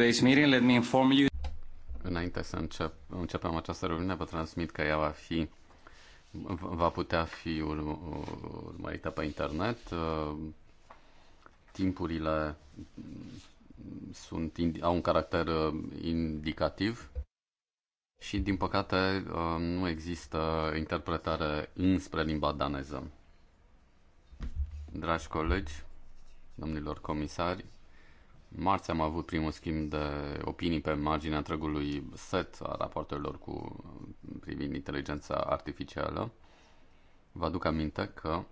Today's meeting, let me inform you. Înainte să încep, începem această reuniune, vă transmit că ea va fi va putea fi urmărită pe internet. Timpurile sunt, au un caracter uh, indicativ și, din păcate, uh, nu există interpretare înspre limba daneză. Dragi colegi, domnilor comisari, Marți am avut primul schimb de opinii pe marginea întregului set a raportelor cu privind inteligența artificială. Vă aduc aminte că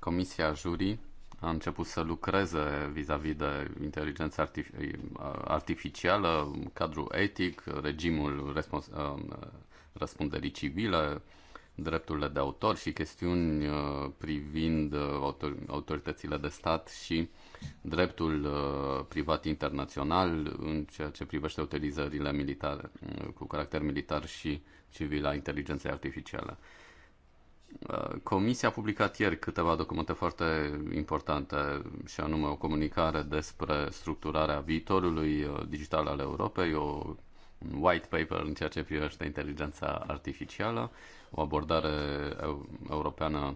Comisia Jurii a început să lucreze vis-a-vis -vis de inteligența artific- artificială, cadrul etic, regimul respons- uh, răspunderii civile, drepturile de autor și chestiuni uh, privind uh, autor- autoritățile de stat și uh, dreptul uh, privat internațional în ceea ce privește utilizările militare, mm, cu caracter militar și civil a inteligenței artificiale. Uh, Comisia a publicat ieri câteva documente foarte importante, și anume o comunicare despre structurarea viitorului uh, digital al Europei, o un white paper în ceea ce privește inteligența artificială, o abordare europeană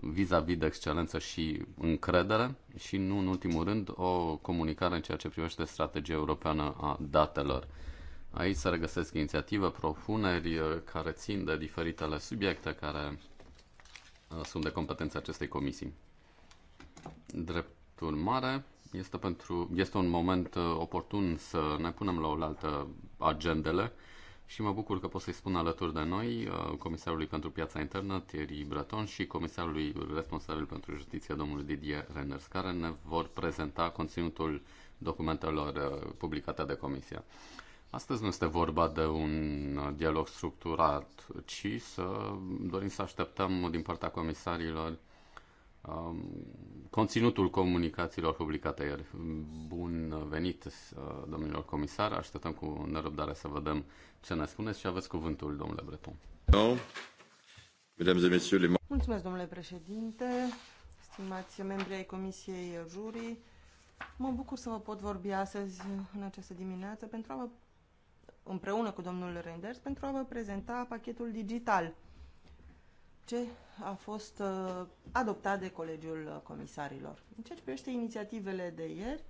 vis-a-vis -vis de excelență și încredere și nu în ultimul rând o comunicare în ceea ce privește strategia europeană a datelor. Aici se regăsesc inițiative, propuneri uh, care țin de diferitele subiecte care uh, sunt de competența acestei comisii. Dreptul mare este, pentru, este un moment uh, oportun să ne punem la oaltă agendele și mă bucur că pot să-i spun alături de noi uh, Comisarului pentru Piața Internă, Thierry Breton, și Comisarului responsabil pentru justiție, domnul Didier Renders, care ne vor prezenta conținutul documentelor uh, publicate de Comisia. Astăzi nu este vorba de un uh, dialog structurat, ci să dorim să așteptăm din partea comisarilor Um, conținutul comunicațiilor publicate ieri. Bun venit, uh, domnilor comisar. Așteptăm cu nerăbdare să vedem ce ne spuneți și aveți cuvântul, domnule Breton. Mulțumesc, domnule președinte, stimați membri ai Comisiei Jurii. Mă bucur să vă pot vorbi astăzi, în această dimineață, pentru a vă, împreună cu domnul Renders, pentru a vă prezenta pachetul digital – ce a fost uh, adoptat de Colegiul uh, Comisarilor. În ceea ce privește inițiativele de ieri,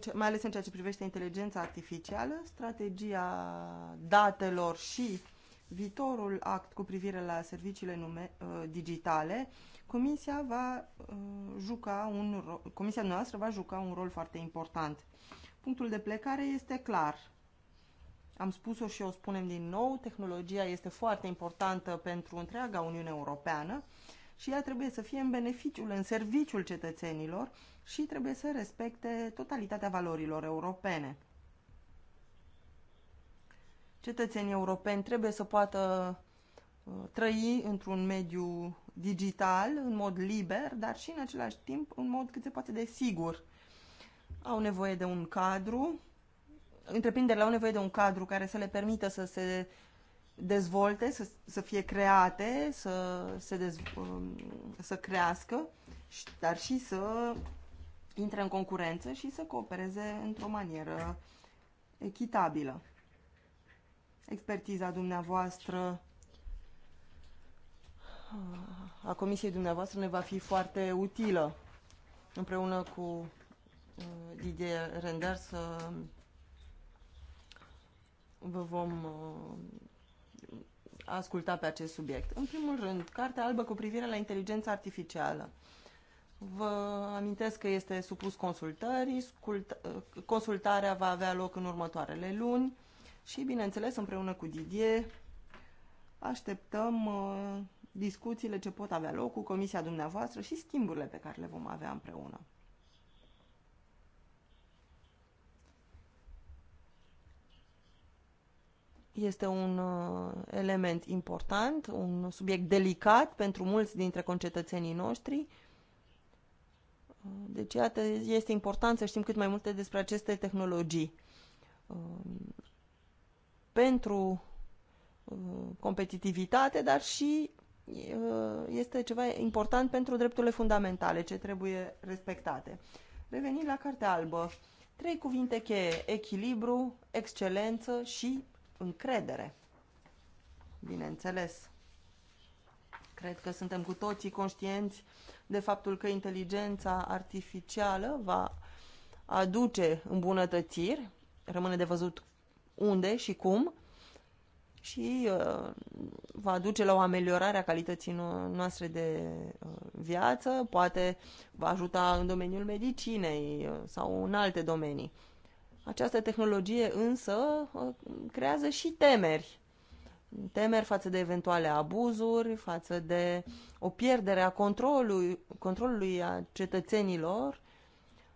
ce, mai ales în ceea ce privește inteligența artificială, strategia datelor și viitorul act cu privire la serviciile nume, uh, digitale, comisia, va, uh, juca un ro- comisia noastră va juca un rol foarte important. Punctul de plecare este clar. Am spus-o și o spunem din nou, tehnologia este foarte importantă pentru întreaga Uniune Europeană și ea trebuie să fie în beneficiul, în serviciul cetățenilor și trebuie să respecte totalitatea valorilor europene. Cetățenii europeni trebuie să poată uh, trăi într-un mediu digital, în mod liber, dar și în același timp în mod cât se poate de sigur. Au nevoie de un cadru întreprinderile au nevoie de un cadru care să le permită să se dezvolte, să, să fie create, să, se dez, um, să crească, dar și să intre în concurență și să coopereze într-o manieră echitabilă. Expertiza dumneavoastră a comisiei dumneavoastră ne va fi foarte utilă împreună cu uh, Didier Render să vă vom uh, asculta pe acest subiect. În primul rând, Cartea Albă cu privire la inteligența artificială. Vă amintesc că este supus consultării, uh, consultarea va avea loc în următoarele luni și, bineînțeles, împreună cu Didier, așteptăm uh, discuțiile ce pot avea loc cu comisia dumneavoastră și schimburile pe care le vom avea împreună. Este un uh, element important, un subiect delicat pentru mulți dintre concetățenii noștri. Uh, deci, iată, este important să știm cât mai multe despre aceste tehnologii. Uh, pentru competitivitate, dar și este ceva important pentru drepturile fundamentale ce trebuie respectate. Revenind la Cartea Albă, trei cuvinte cheie, echilibru, excelență și încredere. Bineînțeles. Cred că suntem cu toții conștienți de faptul că inteligența artificială va aduce îmbunătățiri, rămâne de văzut unde și cum, și uh, va duce la o ameliorare a calității no noastre de uh, viață, poate va ajuta în domeniul medicinei uh, sau în alte domenii. Această tehnologie însă uh, creează și temeri. Temeri față de eventuale abuzuri, față de o pierdere a controlului, controlului a cetățenilor,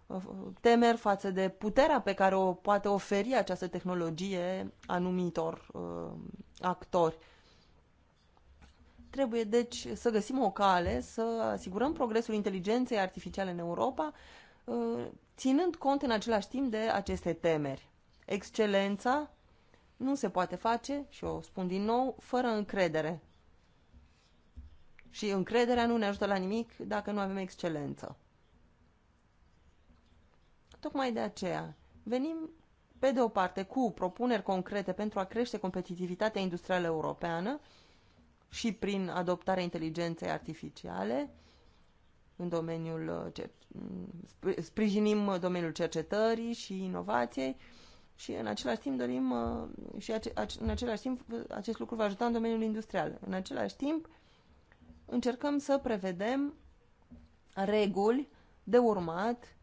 uh, temeri față de puterea pe care o poate oferi această tehnologie anumitor uh, actori. Trebuie, deci, să găsim o cale să asigurăm progresul inteligenței artificiale în Europa, Uh, ținând cont în același timp de aceste temeri. Excelența nu se poate face, și o spun din nou, fără încredere. Și încrederea nu ne ajută la nimic dacă nu avem excelență. Tocmai de aceea venim, pe de o parte, cu propuneri concrete pentru a crește competitivitatea industrială europeană și prin adoptarea inteligenței artificiale, în domeniul uh, sprijinim uh, domeniul cercetării și inovației și în același timp dorim uh, și în același timp acest lucru va ajuta în domeniul industrial. În același timp încercăm să prevedem reguli de urmat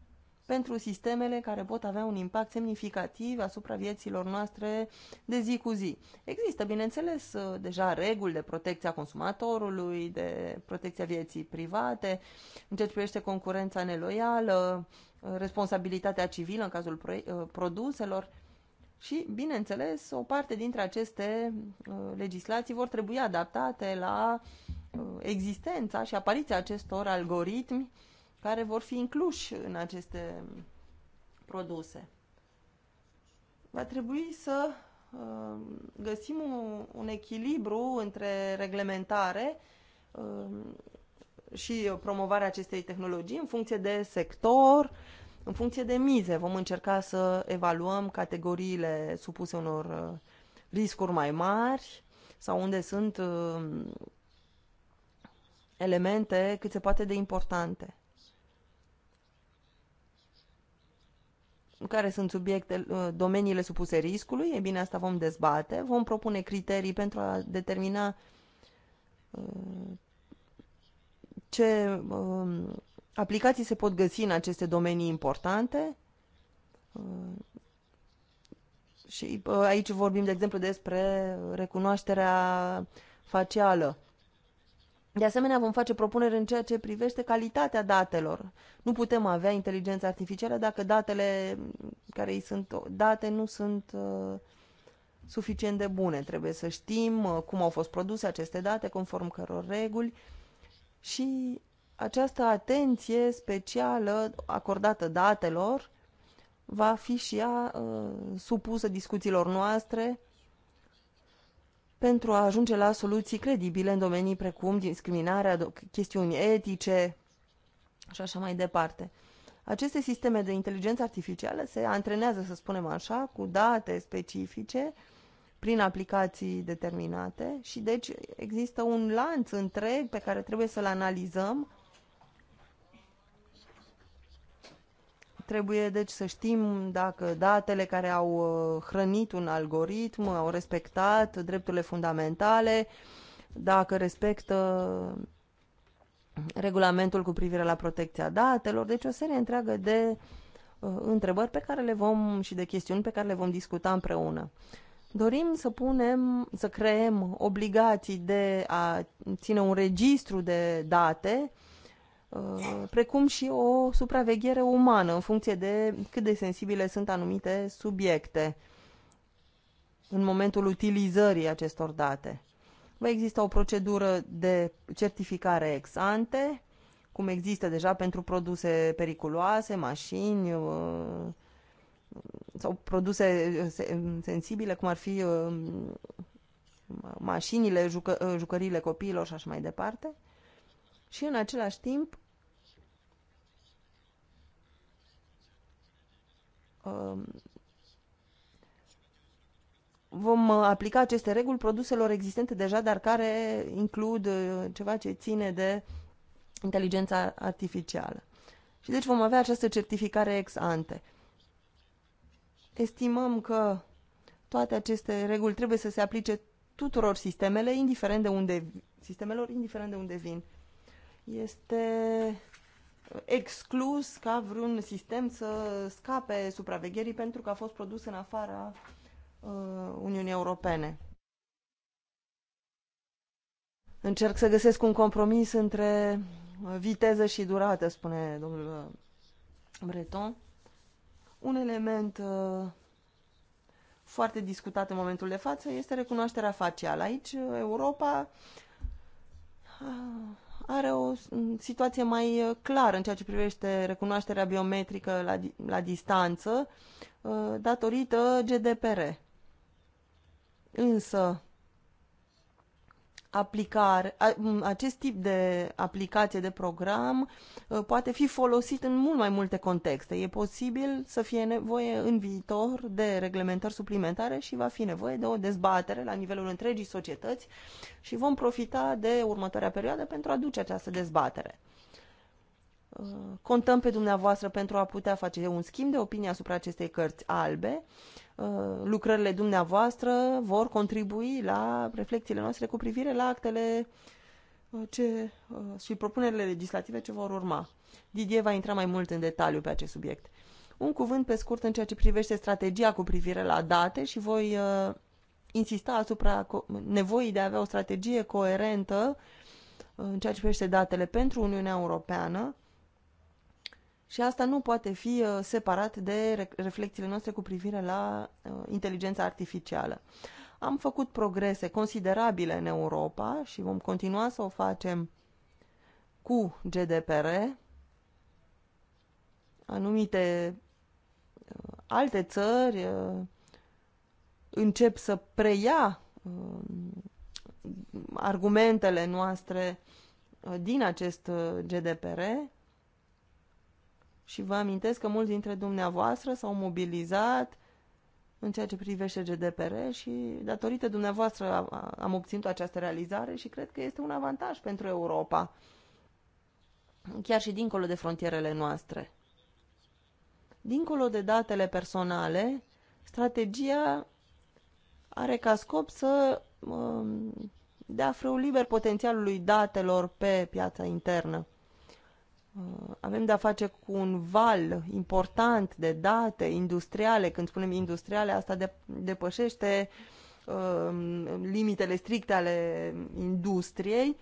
pentru sistemele care pot avea un impact semnificativ asupra vieților noastre de zi cu zi. Există, bineînțeles, uh, deja reguli de protecție a consumatorului, de protecția vieții private, în ceea ce privește concurența neloială, uh, responsabilitatea civilă în cazul uh, produselor, și, bineînțeles, o parte dintre aceste legislații vor trebui adaptate la existența și apariția acestor algoritmi care vor fi incluși în aceste produse. Va trebui să uh, găsim un, un echilibru între reglementare uh, și promovarea acestei tehnologii în funcție de sector, în funcție de mize. Vom încerca să evaluăm categoriile supuse unor uh, riscuri mai mari sau unde sunt uh, elemente cât se poate de importante. care sunt subiecte, uh, domeniile supuse riscului, e bine, asta vom dezbate, vom propune criterii pentru a determina uh, ce um, aplicații se pot găsi în aceste domenii importante. Uh, și aici vorbim, de exemplu, despre recunoașterea facială de asemenea, vom face propuneri în ceea ce privește calitatea datelor. Nu putem avea inteligență artificială dacă datele care îi sunt date nu sunt uh, suficient de bune. Trebuie să știm uh, cum au fost produse aceste date, conform căror reguli și această atenție specială acordată datelor va fi și ea uh, supusă discuțiilor noastre pentru a ajunge la soluții credibile în domenii precum discriminarea, chestiuni etice și așa mai departe. Aceste sisteme de inteligență artificială se antrenează, să spunem așa, cu date specifice prin aplicații determinate și deci există un lanț întreg pe care trebuie să-l analizăm Trebuie deci să știm dacă datele care au uh, hrănit un algoritm au respectat drepturile fundamentale, dacă respectă regulamentul cu privire la protecția datelor, deci o serie întreagă de uh, întrebări pe care le vom și de chestiuni pe care le vom discuta împreună. Dorim să punem, să creăm obligații de a ține un registru de date uh, Uh, precum și o supraveghere umană în funcție de cât de sensibile sunt anumite subiecte în momentul utilizării acestor date. Va exista o procedură de certificare ex ante, cum există deja pentru produse periculoase, mașini uh, sau produse uh, sensibile, cum ar fi mașinile, jucă, jucăriile copiilor și așa mai departe. Și în același timp Um, vom aplica aceste reguli produselor existente deja, dar care includ uh, ceva ce ține de inteligența artificială. Și deci vom avea această certificare ex ante. Estimăm că toate aceste reguli trebuie să se aplice tuturor sistemele, indiferent de unde, sistemelor, indiferent de unde vin. Este exclus ca vreun sistem să scape supravegherii pentru că a fost produs în afara uh, Uniunii Europene. Încerc să găsesc un compromis între uh, viteză și durată, spune domnul uh, Breton. Un element uh, foarte discutat în momentul de față este recunoașterea facială. Aici Europa uh, are o mm, situație mai uh, clară în ceea ce privește recunoașterea biometrică la, la distanță uh, datorită GDPR. Însă, aplicare, acest tip de aplicație de program uh, poate fi folosit în mult mai multe contexte. E posibil să fie nevoie în viitor de reglementări suplimentare și va fi nevoie de o dezbatere la nivelul întregii societăți și vom profita de următoarea perioadă pentru a duce această dezbatere. Uh, contăm pe dumneavoastră pentru a putea face un schimb de opinie asupra acestei cărți albe. Uh, lucrările dumneavoastră vor contribui la reflexiile noastre cu privire la actele uh, ce, și propunerile legislative ce vor urma. Didier va intra mai mult în detaliu pe acest subiect. Un cuvânt pe scurt în ceea ce privește strategia cu privire la date și voi uh, insista asupra nevoii de a avea o strategie coerentă în ceea ce privește datele pentru Uniunea Europeană, și asta nu poate fi uh, separat de reflexiile noastre cu privire la uh, inteligența artificială. Am făcut progrese considerabile în Europa și vom continua să o facem cu GDPR. Anumite uh, alte țări încep să preia argumentele noastre din acest GDPR și vă amintesc că mulți dintre dumneavoastră s-au mobilizat în ceea ce privește GDPR și datorită dumneavoastră am obținut această realizare și cred că este un avantaj pentru Europa, chiar și dincolo de frontierele noastre. Dincolo de datele personale, strategia are ca scop să um, dea frâu liber potențialului datelor pe piața internă. Uh, avem de-a face cu un val important de date industriale. Când spunem industriale, asta depășește uh, limitele stricte ale industriei.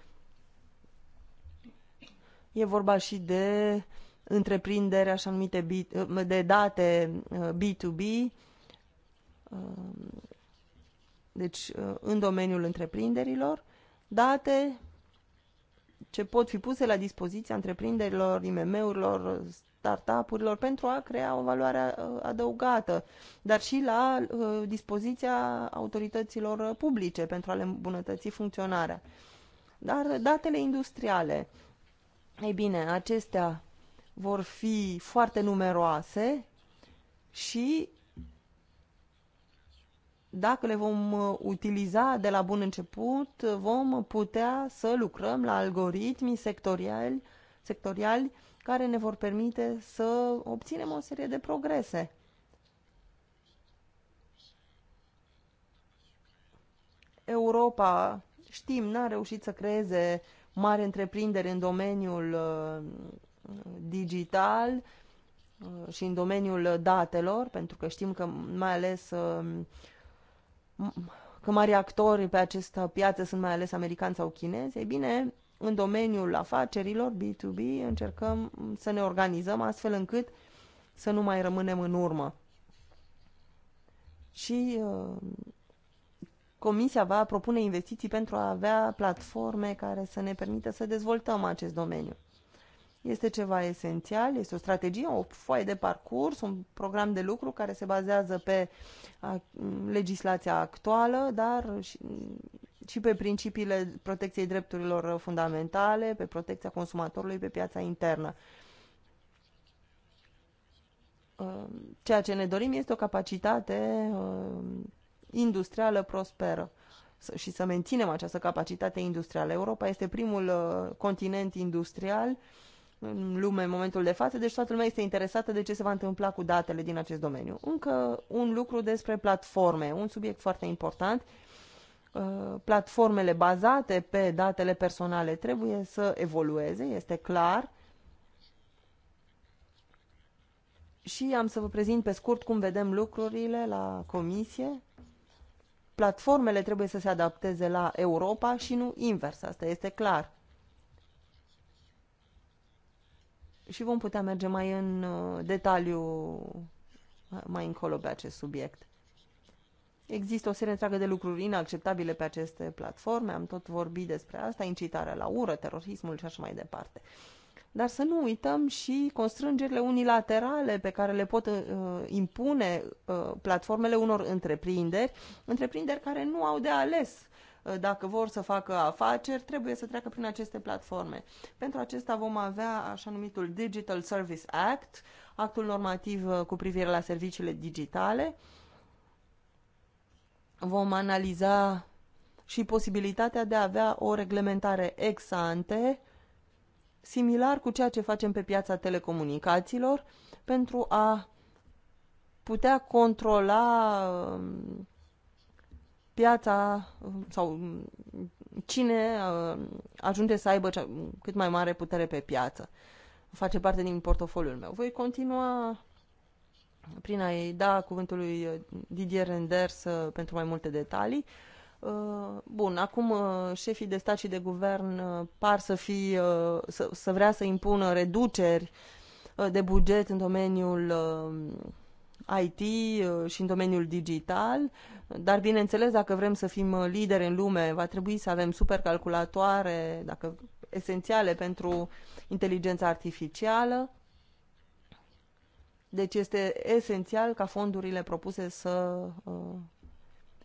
E vorba și de întreprinderi, așa numite, uh, de date B2B, deci în domeniul întreprinderilor, date ce pot fi puse la dispoziția întreprinderilor, IMM-urilor, startup-urilor pentru a crea o valoare uh, adăugată, dar și la uh, dispoziția autorităților publice pentru a le îmbunătăți funcționarea. Dar datele industriale, ei bine, acestea vor fi foarte numeroase și dacă le vom uh, utiliza de la bun început, uh, vom putea să lucrăm la algoritmi sectoriali, sectoriali care ne vor permite să obținem o serie de progrese. Europa, știm, n-a reușit să creeze mari întreprinderi în domeniul uh, digital și în domeniul datelor, pentru că știm că mai ales că mari actori pe această piață sunt mai ales americani sau chinezi, e bine, în domeniul afacerilor B2B încercăm să ne organizăm astfel încât să nu mai rămânem în urmă. Și uh, Comisia va propune investiții pentru a avea platforme care să ne permită să dezvoltăm acest domeniu. Este ceva esențial, este o strategie, o foaie de parcurs, un program de lucru care se bazează pe legislația actuală, dar și, și pe principiile protecției drepturilor fundamentale, pe protecția consumatorului pe piața internă ceea ce ne dorim este o capacitate industrială prosperă și să menținem această capacitate industrială. Europa este primul continent industrial în lume în momentul de față, deci toată lumea este interesată de ce se va întâmpla cu datele din acest domeniu. Încă un lucru despre platforme, un subiect foarte important. Uh, platformele bazate pe datele personale trebuie să evolueze, este clar. Și am să vă prezint pe scurt cum vedem lucrurile la comisie. Platformele trebuie să se adapteze la Europa și nu invers, asta este clar și vom putea merge mai în uh, detaliu uh, mai încolo pe acest subiect. Există o serie întreagă de lucruri inacceptabile pe aceste platforme, am tot vorbit despre asta, incitarea la ură, terorismul și așa mai departe. Dar să nu uităm și constrângerile unilaterale pe care le pot uh, impune uh, platformele unor întreprinderi, întreprinderi care nu au de ales Eh, dacă vor să facă afaceri, trebuie să treacă prin aceste platforme. Pentru acesta vom avea așa numitul Digital Service Act, actul normativ eh, cu privire la serviciile digitale. Vom analiza și posibilitatea de a avea o reglementare ex ante, similar cu ceea ce facem pe piața telecomunicațiilor, pentru a putea controla piața sau cine uh, ajunge să aibă cât mai mare putere pe piață. Face parte din portofoliul meu. Voi continua prin a-i da cuvântul lui uh, Didier Renders uh, pentru mai multe detalii. Bun, acum șefii de stat și de guvern par să, fi, să, să vrea să impună reduceri de buget în domeniul IT uh, și în domeniul digital, dar bineînțeles dacă vrem să fim uh, lideri în lume, va trebui să avem supercalculatoare, dacă esențiale pentru inteligența artificială. Deci este esențial ca fondurile propuse să uh,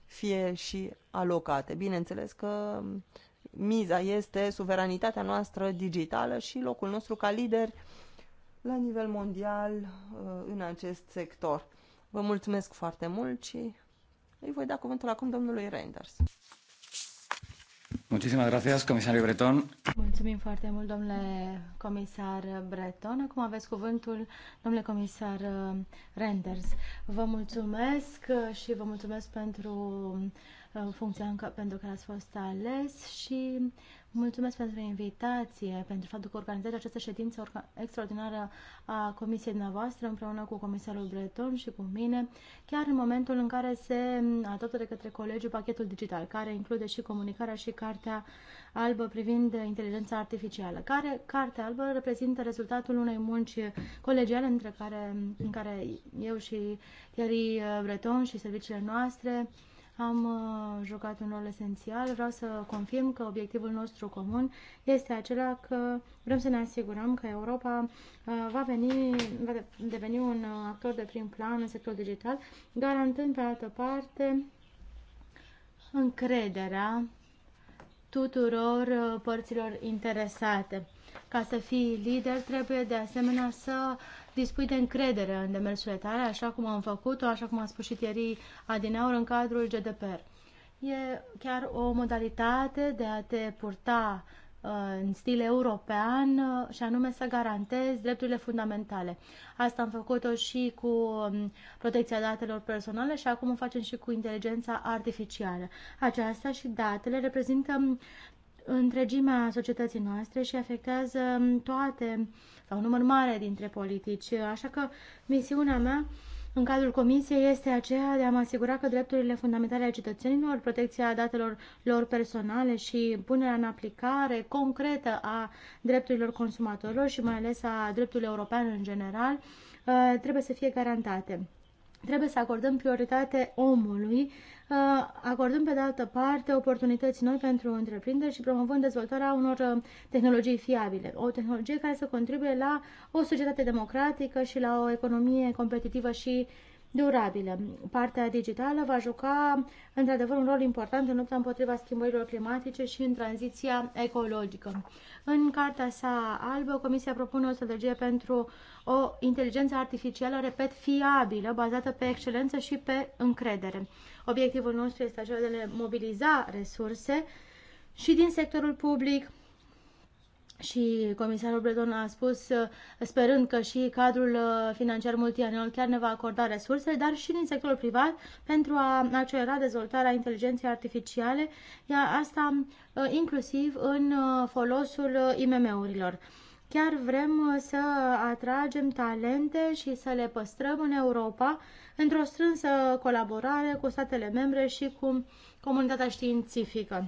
fie și alocate. Bineînțeles că um, miza este suveranitatea noastră digitală și locul nostru ca lider la nivel mondial în acest sector. Vă mulțumesc foarte mult și îi voi da cuvântul acum domnului Reinders. Muchísimas gracias, comisario Breton. Mulțumim foarte mult, domnule comisar Breton. Acum aveți cuvântul, domnule comisar Renders. Vă mulțumesc și vă mulțumesc pentru uh, funcția pentru care ați fost ales și Mulțumesc pentru invitație, pentru faptul că organizați această ședință extraordinară a comisiei noastre împreună cu comisarul Breton și cu mine, chiar în momentul în care se adoptă de către colegiul pachetul digital, care include și comunicarea și cartea albă privind inteligența artificială, care cartea albă reprezintă rezultatul unei munci colegiale între care, în care eu și Thierry Breton și serviciile noastre am uh, jucat un rol esențial. Vreau să confirm că obiectivul nostru comun este acela că vrem să ne asigurăm că Europa uh, va, veni, va deveni un uh, actor de prim plan în sectorul digital, garantând pe altă parte încrederea tuturor uh, părților interesate. Ca să fii lider, trebuie de asemenea să dispui de încredere în demersurile tale, așa cum am făcut-o, așa cum a spus și Thierry Adinaur în cadrul GDPR. E chiar o modalitate de a te purta Uh, în stil european uh, și anume să garantez drepturile fundamentale. Asta am făcut-o și cu um, protecția datelor personale și acum o facem și cu inteligența artificială. Aceasta și datele reprezintă um, întregimea societății noastre și afectează um, toate, sau un număr mare dintre politici. Așa că misiunea mea în cadrul Comisiei este aceea de a mă asigura că drepturile fundamentale ale cetățenilor, protecția datelor lor personale și punerea în aplicare concretă a drepturilor consumatorilor și mai ales a dreptului european în general, uh, trebuie să fie garantate. Trebuie să acordăm prioritate omului Uh, acordând pe de altă parte oportunități noi pentru întreprinderi și promovând dezvoltarea unor uh, tehnologii fiabile. O tehnologie care să contribuie la o societate democratică și la o economie competitivă și durabilă. Partea digitală va juca într-adevăr un rol important în lupta împotriva schimbărilor climatice și în tranziția ecologică. În cartea sa albă, Comisia propune o strategie pentru o inteligență artificială, repet, fiabilă, bazată pe excelență și pe încredere. Obiectivul nostru este acela de a mobiliza resurse și din sectorul public, și comisarul Breton a spus, uh, sperând că și cadrul uh, financiar multianual chiar ne va acorda resurse, dar și din sectorul privat pentru a accelera dezvoltarea inteligenței artificiale, iar asta uh, inclusiv în folosul IMM-urilor. Chiar vrem să atragem talente și să le păstrăm în Europa într-o strânsă colaborare cu statele membre și cu comunitatea științifică.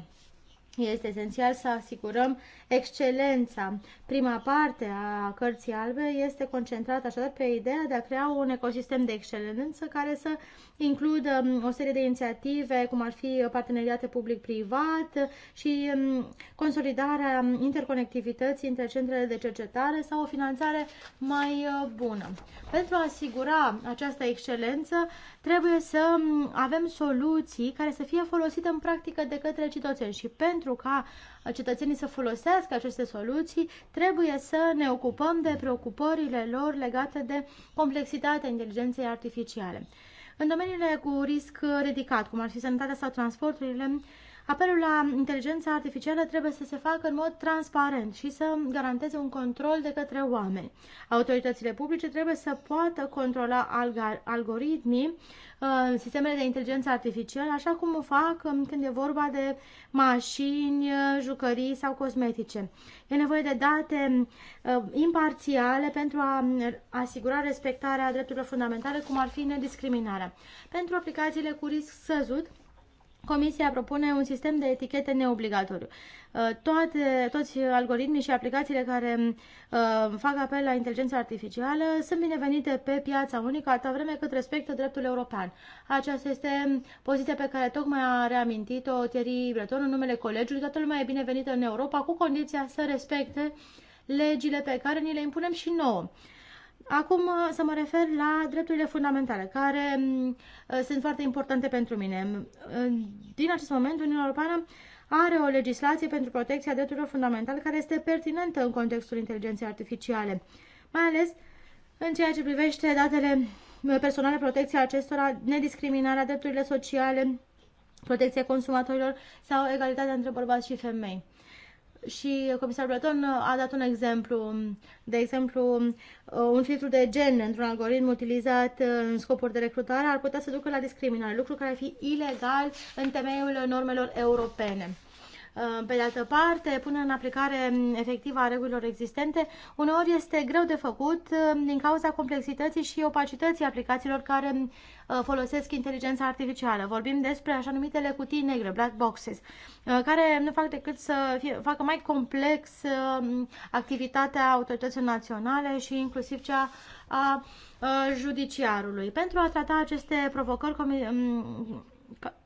Este esențial să asigurăm excelența. Prima parte a cărții albe este concentrată așadar pe ideea de a crea un ecosistem de excelență care să includă um, o serie de inițiative, cum ar fi parteneriate public-privat și um, consolidarea interconectivității între centrele de cercetare sau o finanțare mai uh, bună. Pentru a asigura această excelență, trebuie să um, avem soluții care să fie folosite în practică de către citoțeni și pentru pentru ca cetățenii să folosească aceste soluții, trebuie să ne ocupăm de preocupările lor legate de complexitatea inteligenței artificiale. În domeniile cu risc ridicat, cum ar fi sănătatea sau transporturile, Apelul la inteligența artificială trebuie să se facă în mod transparent și să garanteze un control de către oameni. Autoritățile publice trebuie să poată controla algoritmii, uh, sistemele de inteligență artificială, așa cum o fac um, când e vorba de mașini, uh, jucării sau cosmetice. E nevoie de date um, uh, imparțiale pentru a um, asigura respectarea drepturilor fundamentale, cum ar fi nediscriminarea. Pentru aplicațiile cu risc săzut, Comisia propune un sistem de etichete neobligatoriu. Uh, toate, toți algoritmii și aplicațiile care uh, fac apel la inteligența artificială sunt binevenite pe piața unică atâta vreme cât respectă dreptul european. Aceasta este poziția pe care tocmai a reamintit-o Thierry Breton în numele colegiului. Toată lumea e binevenită în Europa cu condiția să respecte legile pe care ni le impunem și nouă. Acum uh, să mă refer la drepturile fundamentale, care mm, uh, sunt foarte importante pentru mine. Mm, uh, din acest moment, Uniunea Europeană are o legislație pentru protecția drepturilor fundamentale care este pertinentă în contextul inteligenței artificiale, mai ales în ceea ce privește datele mm, personale, protecția acestora, nediscriminarea, drepturile sociale, protecția consumatorilor sau egalitatea între bărbați și femei și comisarul Breton a dat un exemplu, de exemplu, un filtru de gen într-un algoritm utilizat uh, în scopuri de recrutare ar putea să ducă la discriminare, lucru care ar fi ilegal în temeiul normelor europene. Uh, pe de altă parte, până în aplicare um, efectivă a regulilor existente, uneori este greu de făcut uh, din cauza complexității și opacității aplicațiilor care um, Uh, folosesc inteligența artificială. Vorbim despre așa numitele cutii negre, black boxes, uh, care nu fac decât să fie, facă mai complex um, activitatea autorităților naționale și inclusiv cea a uh, judiciarului. Pentru a trata aceste provocări, um,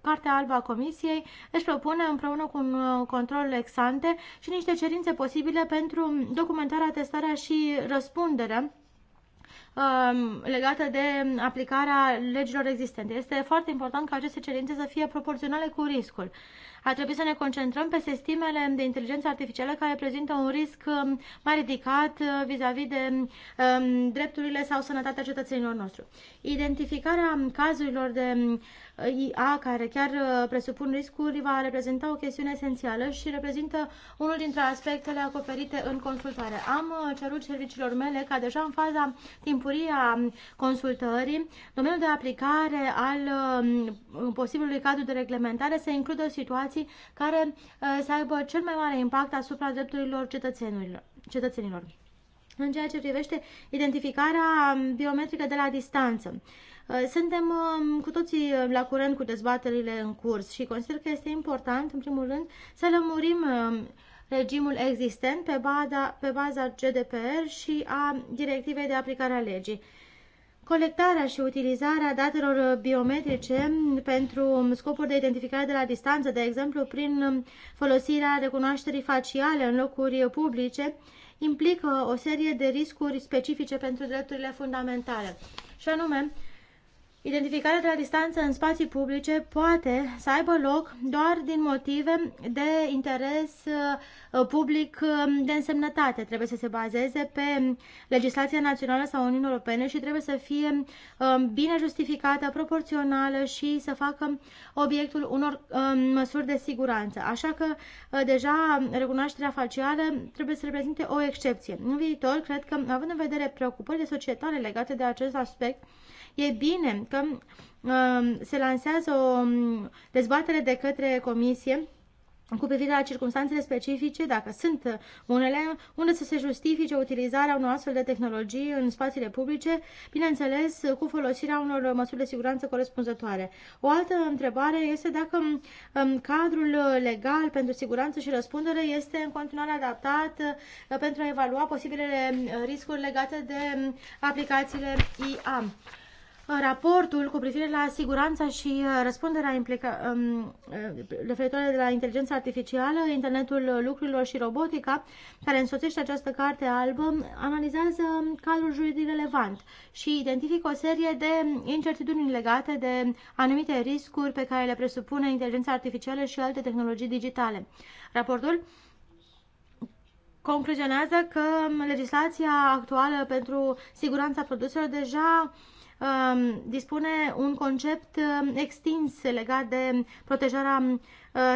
Cartea albă a Comisiei își propune împreună cu un control exante și niște cerințe posibile pentru documentarea, testarea și răspunderea Um, legată de aplicarea legilor existente. Este foarte important ca aceste cerințe să fie proporționale cu riscul. Ar trebui să ne concentrăm pe sistemele de inteligență artificială care prezintă un risc um, mai ridicat uh, vis-a-vis -vis de um, drepturile sau sănătatea cetățenilor nostru. Identificarea cazurilor de um, IA care chiar uh, presupun riscuri va reprezenta o chestiune esențială și reprezintă unul dintre aspectele acoperite în consultare. Am uh, cerut serviciilor mele ca deja în faza timpurie bucuria consultării, domeniul de aplicare al um, posibilului cadru de reglementare să includă situații care uh, să aibă cel mai mare impact asupra drepturilor cetățenilor. cetățenilor în ceea ce privește identificarea um, biometrică de la distanță. Uh, suntem um, cu toții la curent cu dezbaterile în curs și consider că este important, în primul rând, să lămurim regimul existent pe, baza, pe baza GDPR și a directivei de aplicare a legii. Colectarea și utilizarea datelor biometrice pentru scopuri de identificare de la distanță, de exemplu prin folosirea recunoașterii faciale în locuri publice, implică o serie de riscuri specifice pentru drepturile fundamentale. Și anume, Identificarea de la distanță în spații publice poate să aibă loc doar din motive de interes uh, public uh, de însemnătate. Trebuie să se bazeze pe legislația națională sau Uniunii Europene și trebuie să fie um, bine justificată, proporțională și să facă obiectul unor um, măsuri de siguranță. Așa că uh, deja recunoașterea facială trebuie să reprezinte o excepție. În viitor, cred că, având în vedere preocupările societale legate de acest aspect, E bine că um, se lansează o um, dezbatere de către Comisie cu privire la circunstanțele specifice, dacă sunt unele, unde să se justifice utilizarea unor astfel de tehnologii în spațiile publice, bineînțeles cu folosirea unor măsuri de siguranță corespunzătoare. O altă întrebare este dacă um, cadrul legal pentru siguranță și răspundere este în continuare adaptat uh, pentru a evalua posibilele uh, riscuri legate de aplicațiile IA raportul cu privire la siguranța și uh, răspunderea implica, um, uh, referitoare la inteligența artificială, internetul lucrurilor și robotica, care însoțește această carte albă, analizează cadrul juridic relevant și identifică o serie de incertitudini legate de anumite riscuri pe care le presupune inteligența artificială și alte tehnologii digitale. Raportul concluzionează că legislația actuală pentru siguranța produselor deja uh, Um, dispune un concept um, extins legat de protejarea um,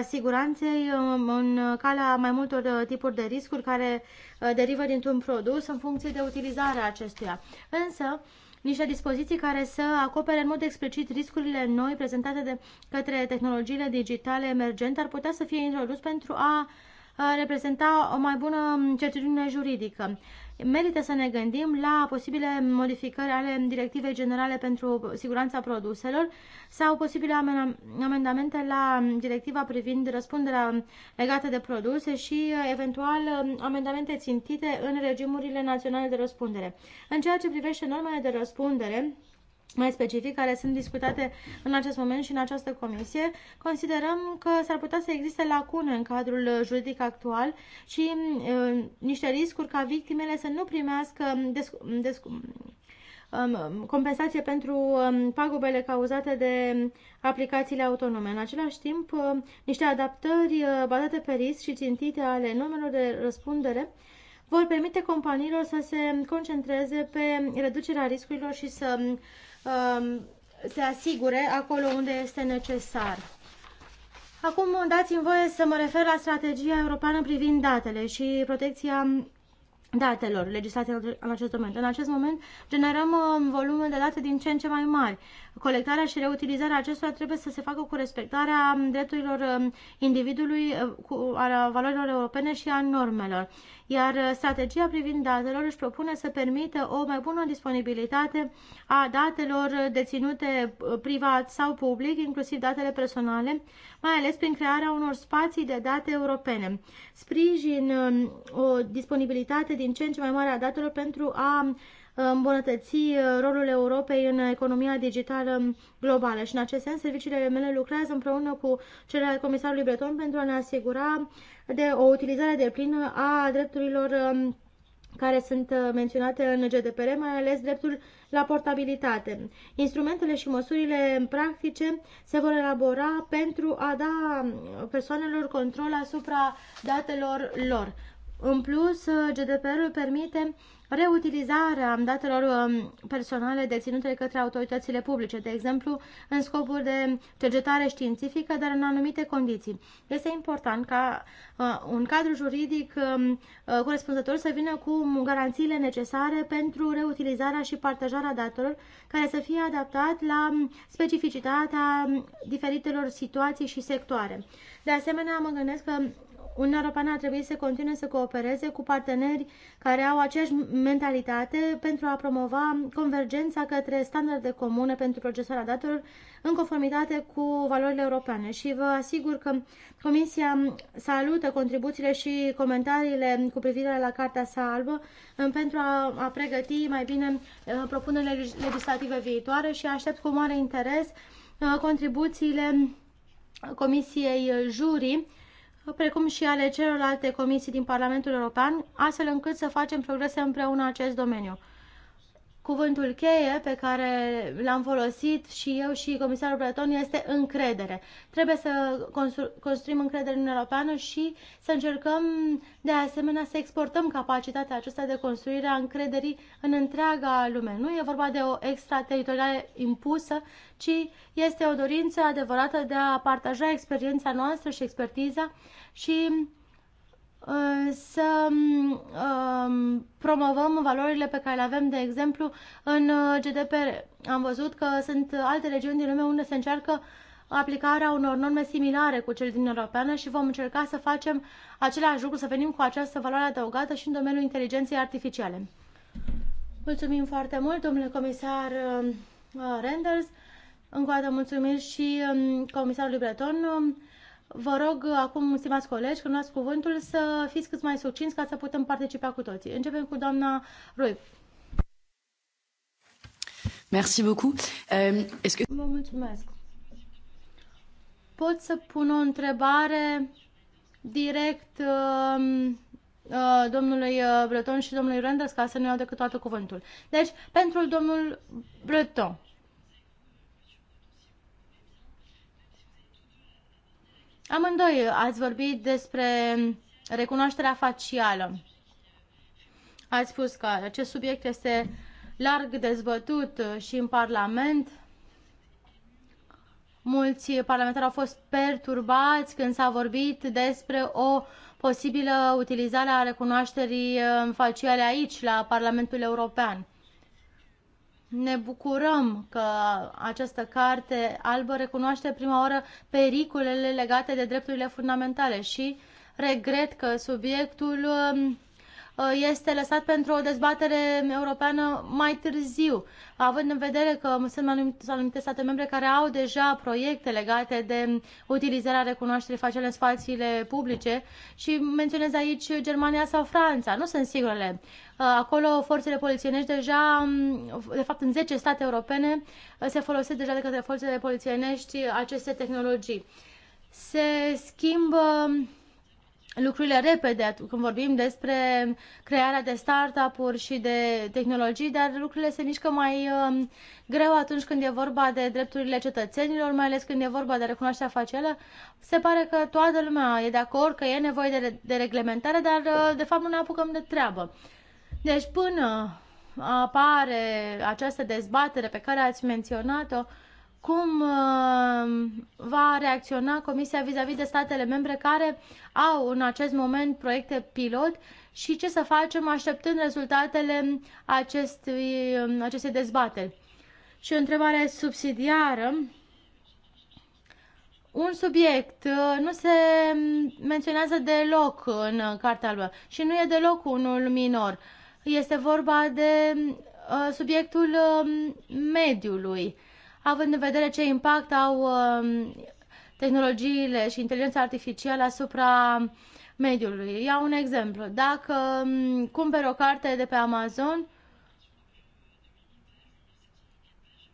siguranței în calea mai multor uh, tipuri de riscuri care uh, derivă dintr-un produs în funcție de utilizarea acestuia. Însă, niște dispoziții care să acopere în mod explicit riscurile noi prezentate de către tehnologiile digitale emergente ar putea să fie introdus pentru a uh, reprezenta o mai bună certitudine juridică merită să ne gândim la posibile modificări ale Directivei Generale pentru Siguranța Produselor sau posibile amendamente la Directiva privind răspunderea legată de produse și eventual amendamente țintite în regimurile naționale de răspundere. În ceea ce privește normele de răspundere, mai specific, care sunt discutate în acest moment și în această comisie, considerăm că s-ar putea să existe lacune în cadrul juridic actual și uh, niște riscuri ca victimele să nu primească um, compensație pentru um, pagubele cauzate de aplicațiile autonome. În același timp, uh, niște adaptări uh, bazate pe risc și țintite ale numelor de răspundere vor permite companiilor să se concentreze pe reducerea riscurilor și să um, Um, se asigure acolo unde este necesar. Acum dați-mi voie să mă refer la strategia europeană privind datele și protecția datelor, legislația în acest moment. În acest moment generăm um, volume de date din ce în ce mai mari Colectarea și reutilizarea acestora trebuie să se facă cu respectarea um, drepturilor um, individului, uh, a valorilor europene și a normelor. Iar uh, strategia privind datelor își propune să permită o mai bună disponibilitate a datelor deținute uh, privat sau public, inclusiv datele personale, mai ales prin crearea unor spații de date europene. Sprijin um, o disponibilitate din ce în ce mai mare a datelor pentru a îmbunătăți uh, rolul Europei în economia digitală globală. Și în acest sens, serviciile mele lucrează împreună cu cele ale comisarului Breton pentru a ne asigura de o utilizare deplină a drepturilor um, care sunt uh, menționate în GDPR, mai ales dreptul la portabilitate. Instrumentele și măsurile practice se vor elabora pentru a da persoanelor control asupra datelor lor. În plus, uh, GDPR-ul permite reutilizarea datelor um, personale deținute de către autoritățile publice, de exemplu, în scopuri de cercetare științifică, dar în anumite condiții. Este important ca uh, un cadru juridic um, uh, corespunzător să vină cu garanțiile necesare pentru reutilizarea și partajarea datelor, care să fie adaptat la um, specificitatea diferitelor situații și sectoare. De asemenea, mă gândesc că Uniunea Europeană ar trebui să continue să coopereze cu parteneri care au aceeași mentalitate pentru a promova convergența către standarde comune pentru procesarea datelor în conformitate cu valorile europene. Și vă asigur că Comisia salută contribuțiile și comentariile cu privire la Cartea sa albă pentru a, a pregăti mai bine uh, propunerile legislative viitoare și aștept cu mare interes uh, contribuțiile Comisiei Jurii precum și ale celorlalte comisii din Parlamentul European, astfel încât să facem progrese împreună în acest domeniu. Cuvântul cheie pe care l-am folosit și eu și comisarul Breton este încredere. Trebuie să constru- construim încredere în Europeană și să încercăm de asemenea să exportăm capacitatea aceasta de construire a încrederii în întreaga lume. Nu e vorba de o extrateritorială impusă, ci este o dorință adevărată de a partaja experiența noastră și expertiza și Uh, să mm, um, promovăm valorile pe care le avem, de exemplu, în uh, GDPR. Am văzut că sunt alte regiuni din lume unde se încearcă aplicarea unor norme similare cu cele din Europeană și vom încerca să facem același lucru, să venim cu această valoare adăugată și în domeniul inteligenței artificiale. Mulțumim foarte mult, domnule comisar uh, Renders. Încă o dată mulțumim și um, comisarului Breton. Vă rog acum, stimați colegi, când luați cuvântul, să fiți cât mai succinți ca să putem participa cu toții. Începem cu doamna Rui. Merci beaucoup. Euh, que... Vă mulțumesc. Pot să pun o întrebare direct uh, uh, domnului uh, Breton și domnului Renders ca să nu iau decât toată cuvântul. Deci, pentru domnul Breton, uh, Amândoi ați vorbit despre recunoașterea facială. Ați spus că acest subiect este larg dezbătut și în Parlament. Mulți parlamentari au fost perturbați când s-a vorbit despre o posibilă utilizare a recunoașterii um, faciale aici, la Parlamentul European. Ne bucurăm că această carte albă recunoaște prima oară pericolele legate de drepturile fundamentale și regret că subiectul um, Uh, este lăsat pentru o dezbatere europeană mai târziu, având în vedere că sunt anumite, anumite state membre care au deja proiecte legate de utilizarea recunoașterii facele în spațiile publice și menționez aici Germania sau Franța, nu sunt sigurele. Uh, acolo forțele polițienești deja, um, de fapt în 10 state europene, uh, se folosesc deja de către forțele polițienești aceste tehnologii. Se schimbă um, lucrurile repede când vorbim despre crearea de startup-uri și de tehnologii, dar lucrurile se mișcă mai um, greu atunci când e vorba de drepturile cetățenilor, mai ales când e vorba de recunoașterea facială. Se pare că toată lumea e de acord că e nevoie de, de reglementare, dar uh, de fapt nu ne apucăm de treabă. Deci până apare această dezbatere pe care ați menționat-o, cum uh, va reacționa Comisia vis-a-vis -vis de statele membre care au în acest moment proiecte pilot și ce să facem așteptând rezultatele acestui, uh, acestei dezbateri. Și o întrebare subsidiară. Un subiect uh, nu se menționează deloc în Cartea Albă și nu e deloc unul minor. Este vorba de subiectul mediului având în vedere ce impact au um, tehnologiile și inteligența artificială asupra mediului. Iau un exemplu. Dacă um, cumperi o carte de pe Amazon,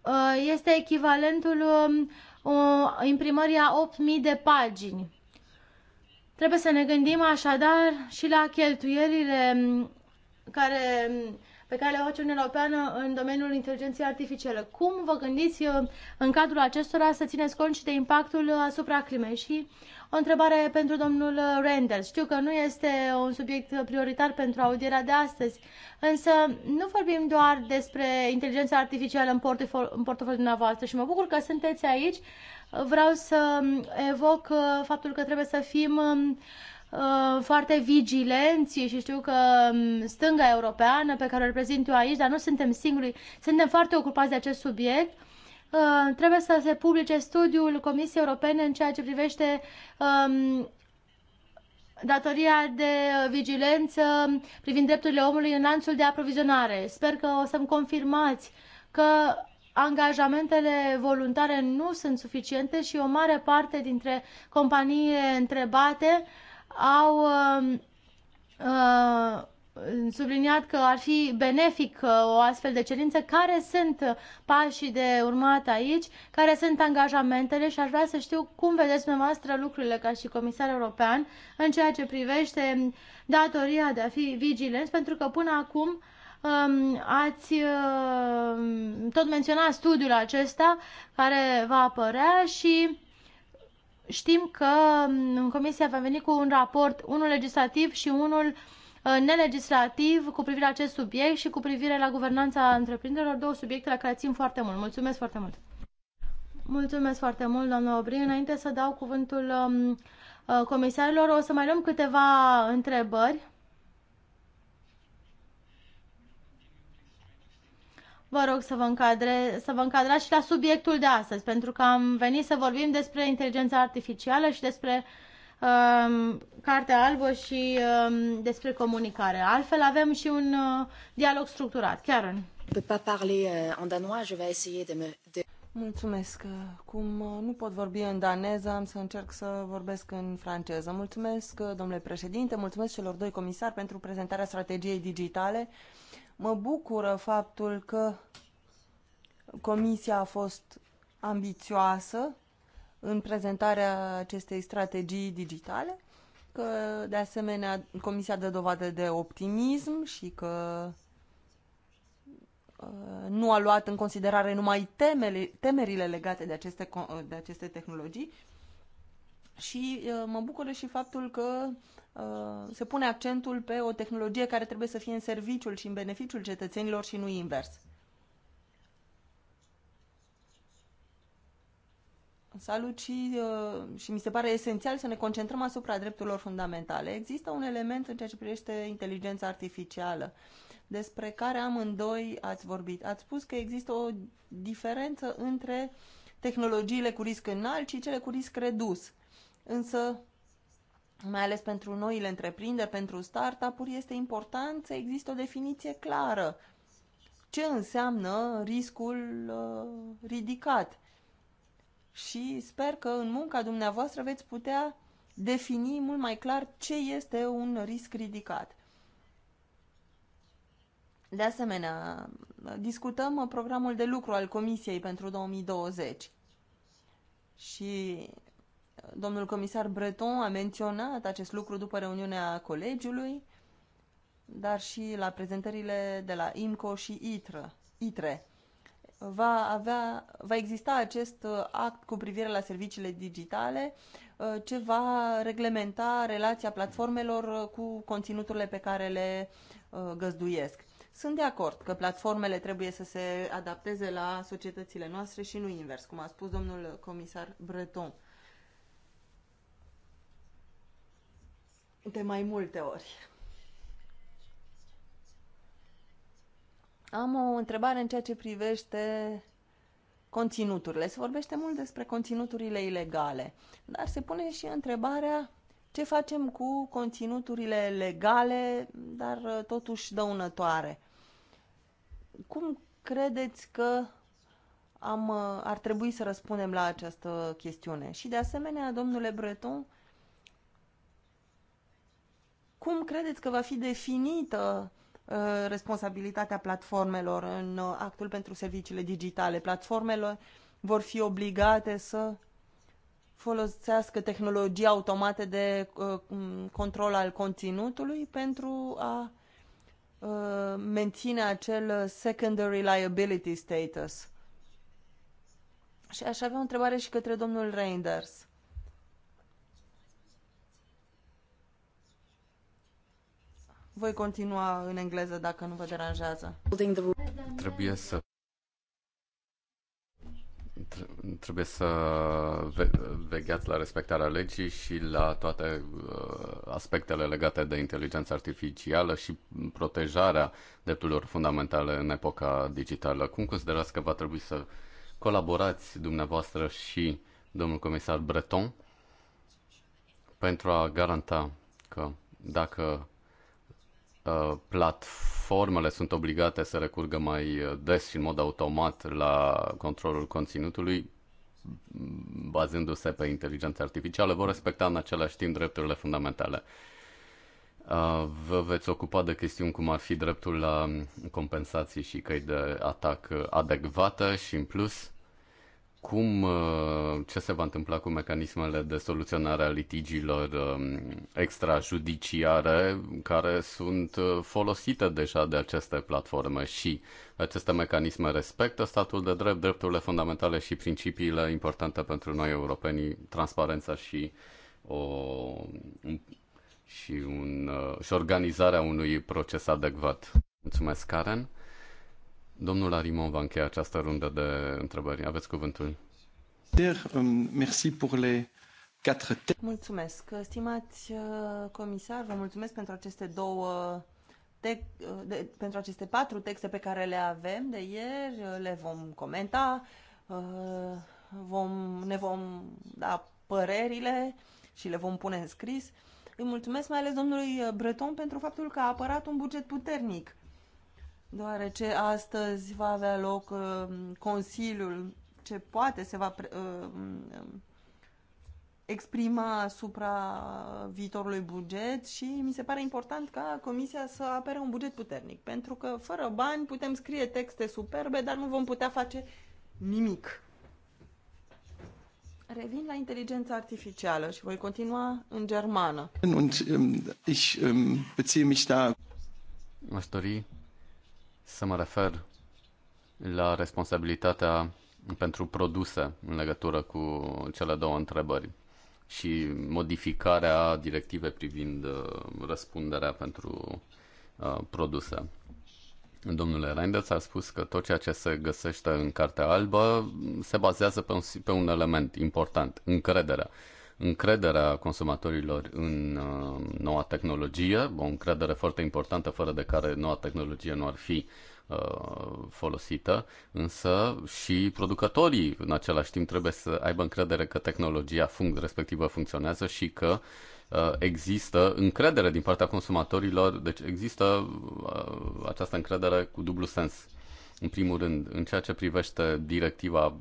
uh, este echivalentul um, imprimării a 8.000 de pagini. Trebuie să ne gândim așadar și la cheltuielile care pe care le face Uniunea Europeană în domeniul inteligenței artificiale. Cum vă gândiți uh, în cadrul acestora să țineți cont și de impactul uh, asupra climei? Și o întrebare pentru domnul uh, Renders. Știu că nu este un subiect prioritar pentru audierea de astăzi, însă nu vorbim doar despre inteligența artificială în, portofol- în portofoliul dumneavoastră și mă bucur că sunteți aici. Vreau să um, evoc faptul că trebuie să fim um, Uh, foarte vigilenți și știu că um, stânga europeană pe care o reprezint eu aici, dar nu suntem singuri, suntem foarte ocupați de acest subiect. Uh, trebuie să se publice studiul Comisiei Europene în ceea ce privește um, datoria de vigilență privind drepturile omului în lanțul de aprovizionare. Sper că o să-mi confirmați că angajamentele voluntare nu sunt suficiente și o mare parte dintre companiile întrebate uh, au um, uh, subliniat că ar fi benefic uh, o astfel de cerință. Care sunt pașii de urmat aici? Care sunt angajamentele? Și aș vrea să știu cum vedeți dumneavoastră lucrurile ca și comisar european în ceea ce privește datoria de a fi vigilenți, pentru că până acum um, ați um, tot menționat studiul acesta care va apărea și Știm că mm, Comisia va veni cu un raport, unul legislativ și unul uh, nelegislativ cu privire la acest subiect și cu privire la guvernanța întreprinderilor, două subiecte la care țin foarte mult. Mulțumesc foarte mult! Mulțumesc foarte mult, doamnă Obrin. Înainte să dau cuvântul um, uh, comisarilor, o să mai luăm câteva întrebări. vă rog să vă, încadre, să vă încadrați și la subiectul de astăzi, pentru că am venit să vorbim despre inteligența artificială și despre um, Cartea Albă și um, despre comunicare. Altfel avem și un uh, dialog structurat. Chiar în... Euh, mulțumesc. Cum uh, nu pot vorbi în daneză, am să încerc să vorbesc în franceză. Mulțumesc, uh, domnule președinte, mulțumesc celor doi comisari pentru prezentarea strategiei digitale. Uh, Mă bucură faptul că Comisia a fost ambițioasă în prezentarea acestei strategii digitale, că de asemenea Comisia dă dovadă de optimism și că uh, nu a luat în considerare numai temele, temerile legate de aceste, de aceste tehnologii, și uh, mă bucură și faptul că uh, se pune accentul pe o tehnologie care trebuie să fie în serviciul și în beneficiul cetățenilor și nu invers. Salut și, uh, și mi se pare esențial să ne concentrăm asupra drepturilor fundamentale. Există un element în ceea ce privește inteligența artificială, despre care amândoi ați vorbit. Ați spus că există o diferență între tehnologiile cu risc înalt și cele cu risc redus însă mai ales pentru noile întreprinderi, pentru startup-uri, este important să există o definiție clară. Ce înseamnă riscul uh, ridicat? Și sper că în munca dumneavoastră veți putea defini mult mai clar ce este un risc ridicat. De asemenea, discutăm uh, programul de lucru al Comisiei pentru 2020 și Domnul comisar Breton a menționat acest lucru după reuniunea colegiului, dar și la prezentările de la IMCO și ITRE. ITRE. Va, avea, va exista acest uh, act cu privire la serviciile digitale uh, ce va reglementa relația platformelor uh, cu conținuturile pe care le găzduiesc. Sunt de acord că platformele trebuie să se adapteze la societățile noastre și nu invers, cum a spus domnul comisar Breton. de mai multe ori. Am o întrebare în ceea ce privește conținuturile. Se vorbește mult despre conținuturile ilegale, dar se pune și întrebarea ce facem cu conținuturile legale, dar uh, totuși dăunătoare. Cum credeți că am, uh, ar trebui să răspundem la această chestiune? Și de asemenea, domnule Breton, cum credeți că va fi definită uh, responsabilitatea platformelor în uh, actul pentru serviciile digitale? Platformele vor fi obligate să folosească tehnologii automate de uh, control al conținutului pentru a menține acel secondary liability status. Și aș avea o întrebare și către domnul Reinders. Voi continua în engleză dacă nu vă deranjează. Trebuie să trebuie să vegheați la respectarea legii și la toate uh, aspectele legate de inteligența artificială și protejarea drepturilor fundamentale în epoca digitală. Cum considerați că va trebui să colaborați dumneavoastră și domnul comisar Breton pentru a garanta că dacă Uh, platformele sunt obligate să recurgă mai uh, des și în mod automat la controlul conținutului, bazându-se pe inteligența artificială, vor respecta în același timp drepturile fundamentale. Uh, vă veți ocupa de chestiuni cum ar fi dreptul la compensații și căi de atac adecvată și în plus cum, uh, ce se va întâmpla cu mecanismele de soluționare a litigiilor um, extrajudiciare care sunt uh, folosite deja de aceste platforme și aceste mecanisme respectă statul de drept, drepturile fundamentale și principiile importante pentru noi europenii, transparența și o și, un, uh, și organizarea unui proces adecvat. Mulțumesc, Karen. Domnul Arimon va încheia această rundă de întrebări. Aveți cuvântul. Mulțumesc. Stimați uh, comisar, vă mulțumesc pentru aceste două te- uh, de, pentru aceste patru texte pe care le avem de ieri, uh, le vom comenta, vom, ne vom da părerile și le vom pune în scris. Îi mulțumesc mai ales domnului Breton pentru faptul că a apărat un buget puternic deoarece astăzi va avea loc uh, Consiliul ce poate se va uh, um, exprima asupra viitorului buget și mi se pare important ca Comisia să apere un buget puternic, pentru că fără bani putem scrie texte superbe, dar nu vom putea face nimic. Revin la inteligența artificială și voi continua în germană. Und, um, ich, um, beziehe mich da... Aș dori să mă refer la responsabilitatea pentru produse în legătură cu cele două întrebări și modificarea directivei privind uh, răspunderea pentru uh, produse. Domnule Reinders a spus că tot ceea ce se găsește în Cartea Albă se bazează pe un, pe un element important, încrederea. Uh, încrederea consumatorilor în uh, noua tehnologie, o încredere foarte importantă fără de care noua tehnologie nu ar fi uh, folosită, însă și producătorii în același timp trebuie să aibă încredere că tehnologia func- respectivă funcționează și că uh, există încredere din partea consumatorilor, deci există această încredere cu dublu sens în primul rând, în ceea ce privește directiva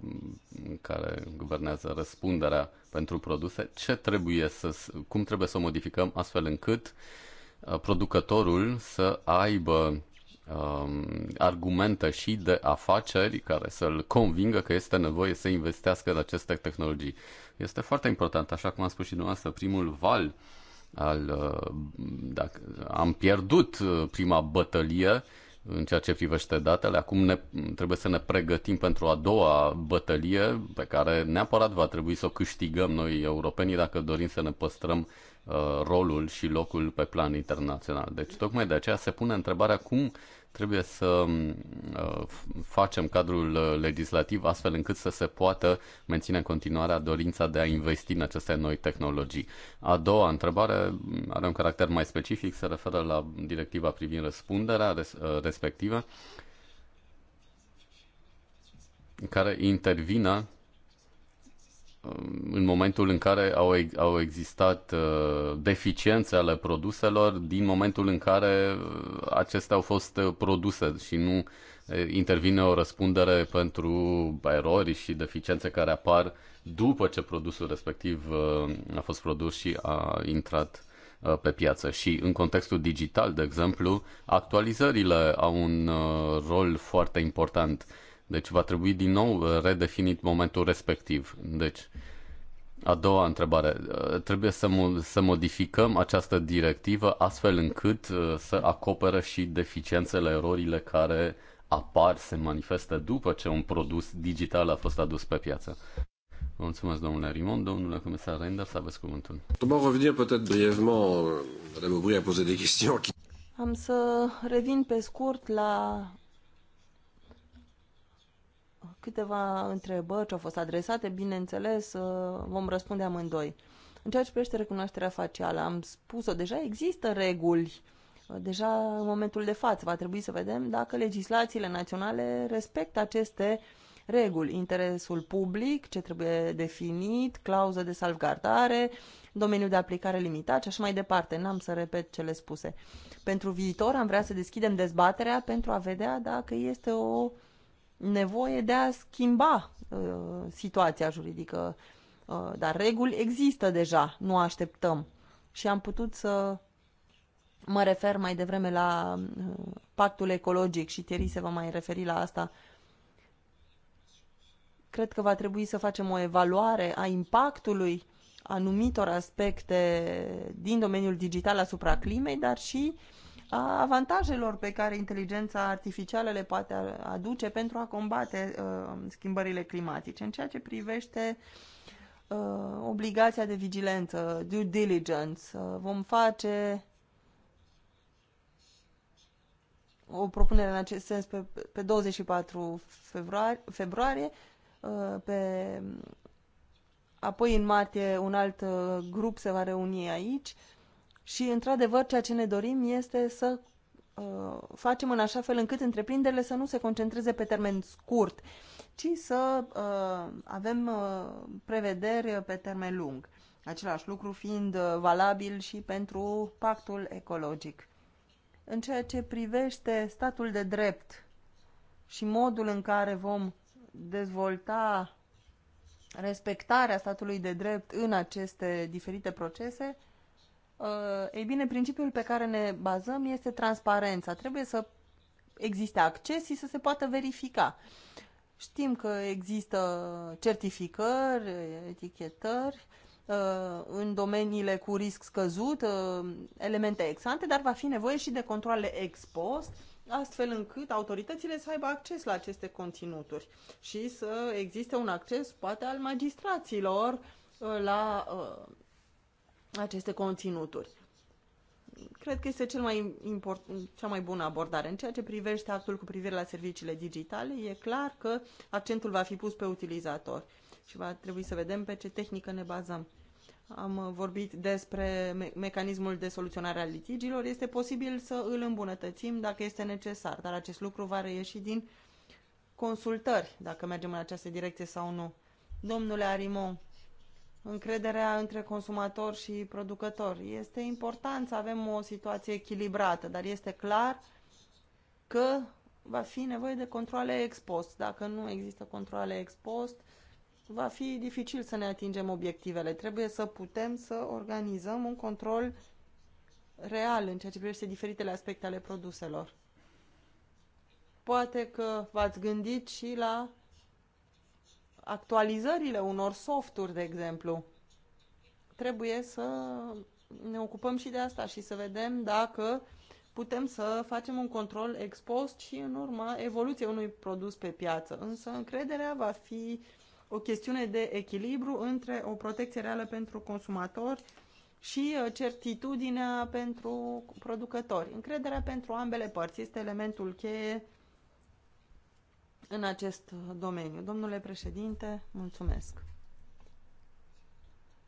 care guvernează răspunderea pentru produse, ce trebuie să, cum trebuie să o modificăm astfel încât uh, producătorul să aibă um, argumente și de afaceri care să-l convingă că este nevoie să investească în aceste tehnologii. Este foarte important, așa cum am spus și dumneavoastră, primul val al. Uh, dacă, am pierdut uh, prima bătălie în ceea ce privește datele. Acum ne, trebuie să ne pregătim pentru a doua bătălie pe care neapărat va trebui să o câștigăm noi europenii dacă dorim să ne păstrăm uh, rolul și locul pe plan internațional. Deci tocmai de aceea se pune întrebarea cum uh, Trebuie să mm, uh, facem cadrul uh, legislativ astfel încât să se poată menține în continuare dorința de a investi în aceste noi tehnologii. A doua întrebare mm, are un caracter mai specific, se referă la directiva privind răspunderea uh, respectivă care intervine Um, în momentul în care au, au existat uh, deficiențe ale produselor, din momentul în care uh, acestea au fost uh, produse și nu intervine o răspundere pentru erori și deficiențe care apar după ce produsul respectiv a fost produs și a intrat pe piață. Și în contextul digital, de exemplu, actualizările au un rol foarte important deci va trebui din nou uh, redefinit momentul respectiv. Deci, a doua întrebare. Uh, trebuie să, mo- să modificăm această directivă astfel încât uh, să acoperă și deficiențele, erorile care apar, se manifestă după ce un produs digital a fost adus pe piață. mulțumesc, domnule Rimon. Domnule comisar Reinders, aveți cuvântul. Euh, Am să revin pe scurt la câteva întrebări ce au fost adresate, bineînțeles, uh, vom răspunde amândoi. În ceea ce privește recunoașterea facială, am spus-o deja, există reguli uh, deja în momentul de față. Va trebui să vedem dacă legislațiile naționale respectă aceste reguli. Interesul public, ce trebuie definit, clauză de salvgardare, domeniul de aplicare limitat și așa mai departe. N-am să repet cele spuse. Pentru viitor am vrea să deschidem dezbaterea pentru a vedea dacă este o nevoie de a schimba uh, situația juridică. Uh, dar reguli există deja, nu așteptăm. Și am putut să mă refer mai devreme la uh, pactul ecologic și Thierry se va mai referi la asta. Cred că va trebui să facem o evaluare a impactului anumitor aspecte din domeniul digital asupra climei, dar și uh, a avantajelor pe care inteligența artificială le poate aduce pentru a combate uh, schimbările climatice. În ceea ce privește uh, obligația de vigilență, due diligence, uh, vom face o propunere în acest sens pe, pe 24 februarie, februarie uh, pe, apoi în martie un alt uh, grup se va reuni aici și, într-adevăr, ceea ce ne dorim este să uh, facem în așa fel încât întreprinderile să nu se concentreze pe termen scurt, ci să uh, avem uh, prevederi pe termen lung. Același lucru fiind uh, valabil și pentru pactul ecologic. În ceea ce privește statul de drept și modul în care vom dezvolta respectarea statului de drept în aceste diferite procese, Uh, ei bine, principiul pe care ne bazăm este transparența. Trebuie să existe acces și să se poată verifica. Știm că există certificări, etichetări uh, în domeniile cu risc scăzut, uh, elemente exante, dar va fi nevoie și de controle ex post, astfel încât autoritățile să aibă acces la aceste conținuturi și să existe un acces poate al magistraților la aceste conținuturi. Cred că este cel mai import, cea mai bună abordare. În ceea ce privește actul cu privire la serviciile digitale, e clar că accentul va fi pus pe utilizator și va trebui să vedem pe ce tehnică ne bazăm. Am vorbit despre me- mecanismul de soluționare a litigiilor. Este posibil să îl îmbunătățim dacă este necesar, dar acest lucru va reieși din consultări, dacă mergem în această direcție sau nu. Domnule Arimon, încrederea între consumator și producător. Este important să avem o situație echilibrată, dar este clar că va fi nevoie de controle ex post. Dacă nu există controle ex post, va fi dificil să ne atingem obiectivele. Trebuie să putem să organizăm un control real în ceea ce privește diferitele aspecte ale produselor. Poate că v-ați gândit și la actualizările unor softuri, de exemplu. Trebuie să ne ocupăm și de asta și să vedem dacă putem să facem un control ex post și în urma evoluției unui produs pe piață. Însă încrederea va fi o chestiune de echilibru între o protecție reală pentru consumator și uh, certitudinea pentru producători. Încrederea pentru ambele părți este elementul cheie în acest domeniu. Domnule președinte, mulțumesc.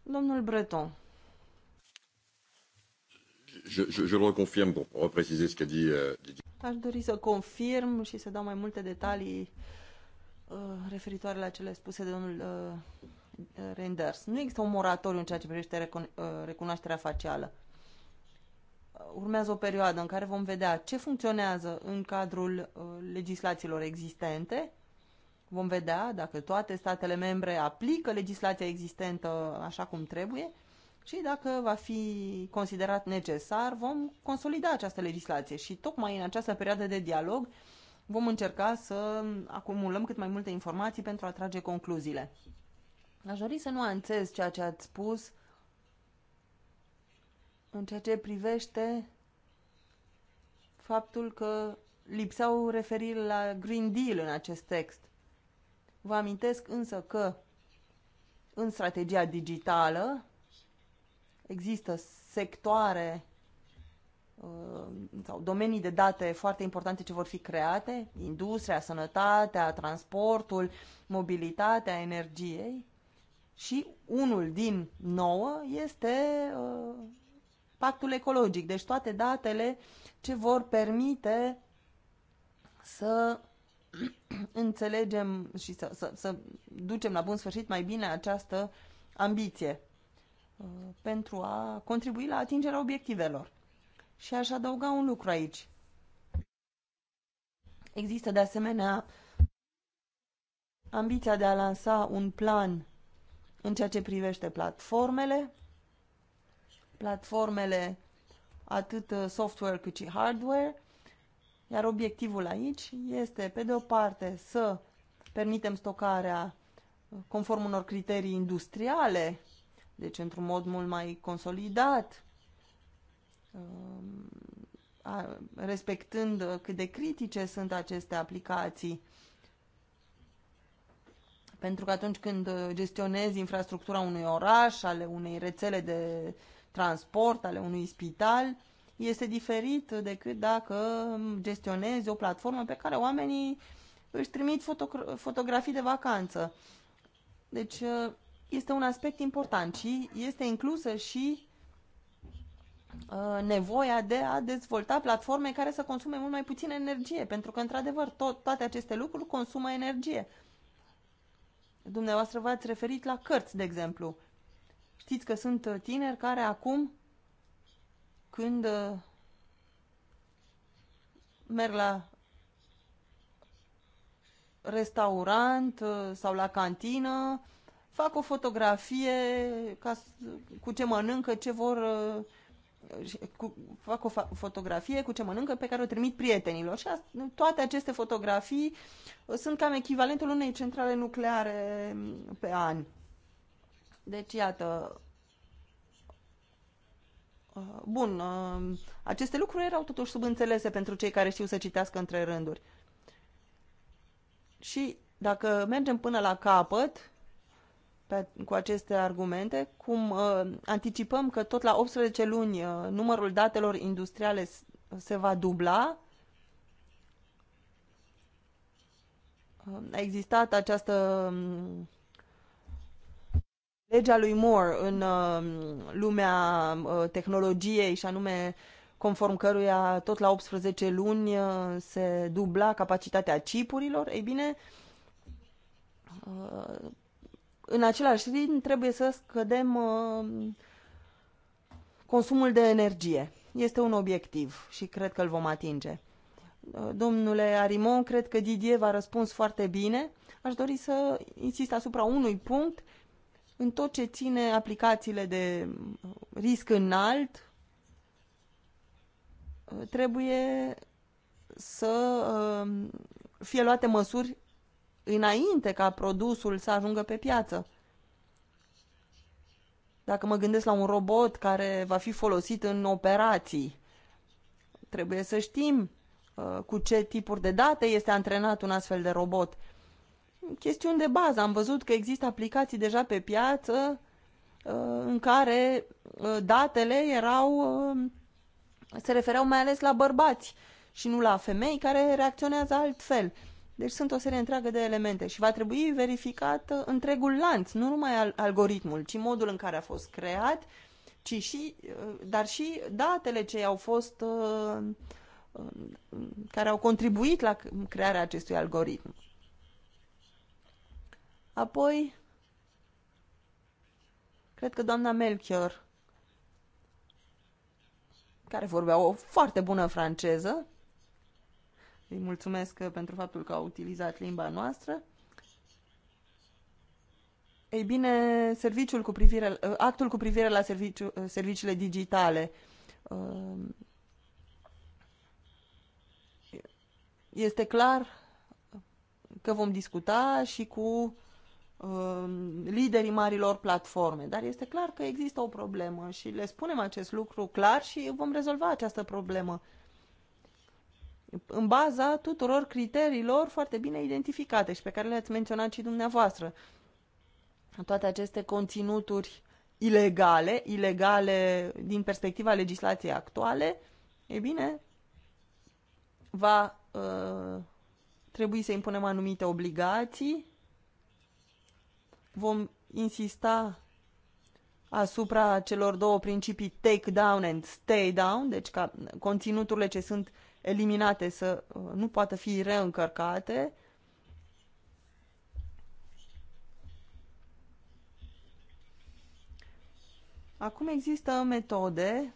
Domnul Breton. Je, je, je le pour repréciser ce qu'a dit euh, Didier. Aș dori să confirm și să dau mai multe detalii uh, referitoare la cele spuse de domnul uh, Renders. Nu există un moratoriu în ceea ce privește recun- uh, recunoașterea facială urmează o perioadă în care vom vedea ce funcționează în cadrul uh, legislațiilor existente. Vom vedea dacă toate statele membre aplică legislația existentă așa cum trebuie și dacă va fi considerat necesar, vom consolida această legislație și tocmai în această perioadă de dialog vom încerca să acumulăm cât mai multe informații pentru a trage concluziile. Aș dori să anțez ceea ce ați spus în ceea ce privește faptul că lipsau referiri la Green Deal în acest text. Vă amintesc însă că în strategia digitală există sectoare uh, sau domenii de date foarte importante ce vor fi create, industria, sănătatea, transportul, mobilitatea, energiei și unul din nouă este uh, pactul ecologic, deci toate datele ce vor permite să înțelegem și să, să, să ducem la bun sfârșit mai bine această ambiție uh, pentru a contribui la atingerea obiectivelor. Și aș adăuga un lucru aici. Există de asemenea ambiția de a lansa un plan în ceea ce privește platformele platformele atât uh, software cât și hardware, iar obiectivul aici este, pe de o parte, să permitem stocarea uh, conform unor criterii industriale, deci într-un mod mult mai consolidat, uh, respectând cât de critice sunt aceste aplicații. Pentru că atunci când gestionezi infrastructura unui oraș, ale unei rețele de transport, ale unui spital, este diferit decât dacă gestionezi o platformă pe care oamenii își trimit foto- fotografii de vacanță. Deci uh, este un aspect important și este inclusă și uh, nevoia de a dezvolta platforme care să consume mult mai puțin energie, pentru că, într-adevăr, tot, toate aceste lucruri consumă energie. Dumneavoastră v-ați referit la cărți, de exemplu. Știți că sunt uh, tineri care acum, când uh, merg la restaurant uh, sau la cantină, fac o fotografie ca, cu ce mănâncă, ce vor cu, fac o fa- fotografie cu ce mănâncă pe care o trimit prietenilor și a, toate aceste fotografii sunt cam echivalentul unei centrale nucleare mm, pe an. Deci, iată, uh, bun, uh, aceste lucruri erau totuși subînțelese pentru cei care știu să citească între rânduri. Și dacă mergem până la capăt pe, cu aceste argumente, cum uh, anticipăm că tot la 18 luni uh, numărul datelor industriale se va dubla, uh, a existat această um, legea lui Moore în um, lumea um, uh, tehnologiei și anume conform căruia tot la 18 luni uh, se dubla capacitatea chipurilor, ei bine, uh, în același timp trebuie să scădem consumul de energie. Este un obiectiv și cred că îl vom atinge. Domnule Arimon, cred că Didier v-a răspuns foarte bine. Aș dori să insist asupra unui punct în tot ce ține aplicațiile de uh, risc înalt, uh, trebuie să uh, fie luate măsuri înainte ca produsul să ajungă pe piață. Dacă mă gândesc la un robot care va fi folosit în operații, trebuie să știm cu ce tipuri de date este antrenat un astfel de robot chestiuni de bază. Am văzut că există aplicații deja pe piață uh, în care uh, datele erau uh, se refereau mai ales la bărbați și nu la femei care reacționează altfel. Deci sunt o serie întreagă de elemente și va trebui verificat întregul lanț, nu numai algoritmul, ci modul în care a fost creat, ci și, dar și datele ce au fost care au contribuit la crearea acestui algoritm. Apoi, cred că doamna Melchior, care vorbea o foarte bună franceză, îi mulțumesc pentru faptul că a utilizat limba noastră. Ei bine, serviciul cu privire, actul cu privire la serviciu, serviciile digitale um, este clar că vom discuta și cu Um, liderii marilor platforme, dar este clar că există o problemă și le spunem acest lucru clar și vom rezolva această problemă în baza tuturor criteriilor foarte bine identificate și pe care le-ați menționat și dumneavoastră. Toate aceste conținuturi ilegale, ilegale din perspectiva legislației actuale, e bine, va uh, trebui să impunem anumite obligații Vom insista asupra celor două principii take down and stay down, deci ca conținuturile ce sunt eliminate să uh, nu poată fi reîncărcate. Acum există metode,